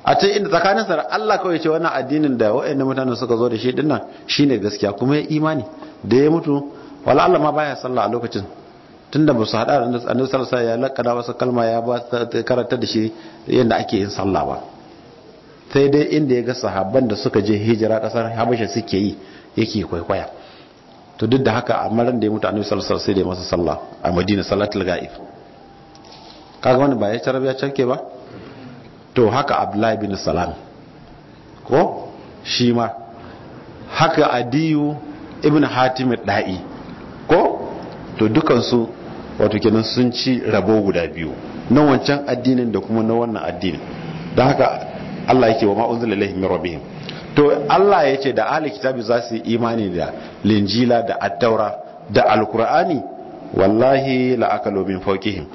Speaker 2: a can inda tsakanin sa Allah kawai ce wannan addinin da wa'annan mutanen suka zo da shi dinnan shine gaskiya kuma ya imani da ya mutu wala Allah ma baya sallah a lokacin tunda ba su hada da annabi sallallahu ya lakada wasu kalma ya ba karanta da shi yadda ake yin sallah ba sai dai inda ya ga sahabban da suka je hijira kasar habasha suke yi yake kwaikwaya to duk da haka amma ran da ya mutu annabi sallallahu alaihi sai da masa sallah a madina salatul ghaib kaga wani ba ya tarar ya carke ba to haka abdullahi bin salam ko shi ma haka adiyu ibn hatim da'i ko to dukansu wato kenan sun ci rabo guda biyu na wancan addinin da kuma na wannan addinin don haka Allah yake wa ma'unzila lalai min to Allah ya ce da ahli kitabi za su yi imani da linjila da addaura da alkur'ani wallahi la'akalo akalu min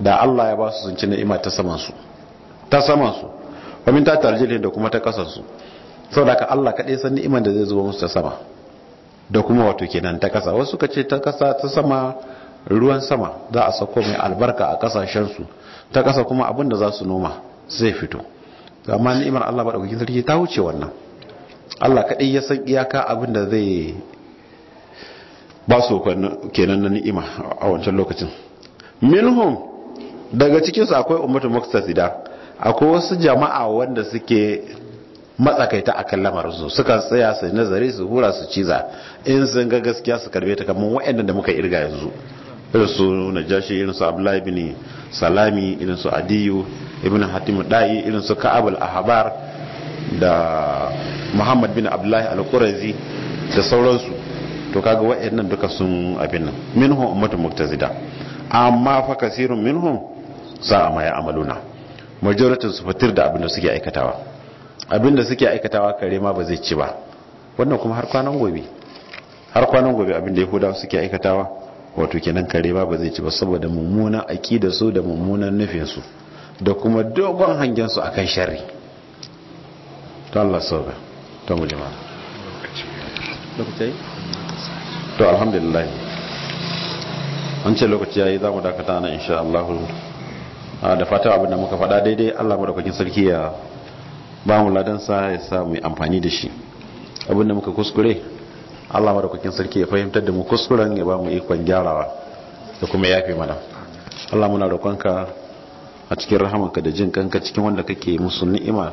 Speaker 2: da Allah ya ba su sun ci ni'ima ta samansu. ta saman su ta tarjilin da kuma ta kasan su saboda ka Allah kadai san ni'imar da zai zuba musu ta sama da kuma wato kenan ta kasa wasu ka ce ta kasa ta sama ruwan sama za a sako mai albarka a kasashensu ta kasa kuma abin da za su noma zai fito amma ni'imar Allah maɗaukakin sarki ta wuce wannan Allah kaɗai ya san iyaka abin da zai ba su kenan na ni'ima a wancan lokacin minhum daga cikinsu akwai ummatu muktasida akwai wasu jama'a wanda suke matsakaita akan lamarinsu suka tsaya su nazari su hura su ciza in sun ga gaskiya su karbe ta kamar waɗanda da muka irga yanzu irin su najashi irin su abdullahi bin salami irin su adiyu ibn hatim da'i irin su ka'ab al-ahbar da muhammad bin abdullahi al-qurazi da sauransu to kaga wa'annan duka sun abin nan minhum ummatun muktazida amma fa kasirun minhum sa'a ma ya'maluna majoritin su fitir da abin da suke aikatawa abin da suke aikatawa kare ma ba zai ci ba wannan kuma har kwanan gobe har kwanan gobe abin da yahudawa suke aikatawa wato kenan kare ba ba zai ci ba saboda mummunan da su da mummunan nufin su da kuma dogon hangen su akan shari to Allah sauka to mu to alhamdulillah an ce lokaci yayi zamu dakata nan insha Allah da fata abin da muka faɗa daidai Allah madaukakin sarki ya ba mu ladansa ya sa mu amfani da shi abin da muka kuskure Allah madaukakin sarki ya fahimtar da mu kuskuren ya ba mu ikon gyarawa da kuma yafe mana Allah muna roƙonka a cikin rahamanka da jin kanka cikin wanda kake musu ni'ima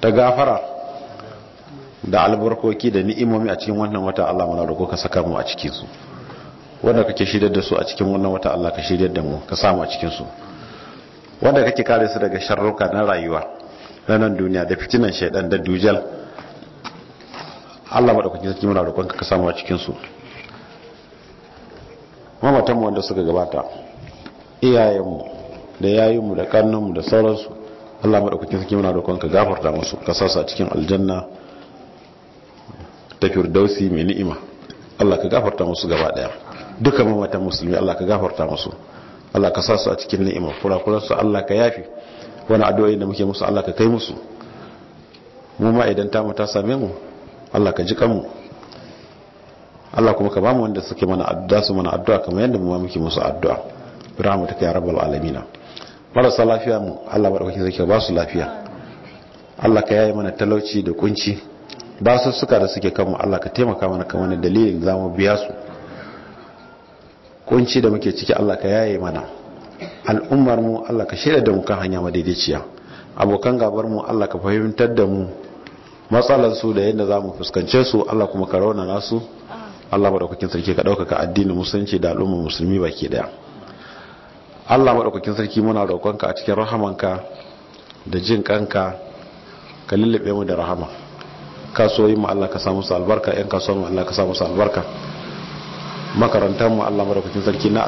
Speaker 2: ta gafara da albarkoki da ni'imomi a cikin wannan wata Allah muna roƙonka saka mu a cikin su wanda kake shiryar da su a cikin wannan wata Allah ka shiryar da mu ka samu a cikin su wanda kake kare su daga sharruka na rayuwa na nan duniya da fitinan shaidan da dujal Allah madaukakin sarki muna roƙon ka samu a cikin su mamatan mu wanda suka gabata iyayenmu da yayinmu da kannan da sauransu Allah madaukakin sarki muna roƙon ka gafarta musu ka sa su a cikin aljanna ta firdausi mai ni'ima Allah ka gafarta musu gaba daya duka mamatan musulmi Allah ka gafarta musu Allah ka sa su a cikin ni'ima kurakuransu Allah ka yafi wani addu'o'i da muke musu Allah ka kai musu mu ma idan ta mu ta same mu Allah ka ji kanmu Allah kuma ka bamu wanda suke mana addu'a su mana addu'a kamar yadda mu ma muke musu addu'a ta ya rabbal alamin marasa lafiya mu Allah madaukakin sarki ba su lafiya Allah ka yaye mana talauci da kunci ba su suka da suke kanmu Allah ka taimaka mana kamar wani dalilin zamu biya su kunci da muke ciki Allah ka yaye mana al'ummar mu Allah ka shirya da mu kan hanya madaidaiciya abokan gabar mu Allah ka fahimtar da mu matsalansu da yadda za mu fuskance su Allah kuma ka rauna nasu Allah maɗaukakin sarki ka ɗaukaka addinin musulunci da al'ummar musulmi baki ɗaya Allah maɗaukakin sarki muna roƙonka a cikin rahamanka da jin kanka ka lullube mu da rahama kasuwoyin mu Allah ka samu su albarka yan kasuwan mu Allah ka samu su albarka makarantar mu Allah maɗaukakin sarki na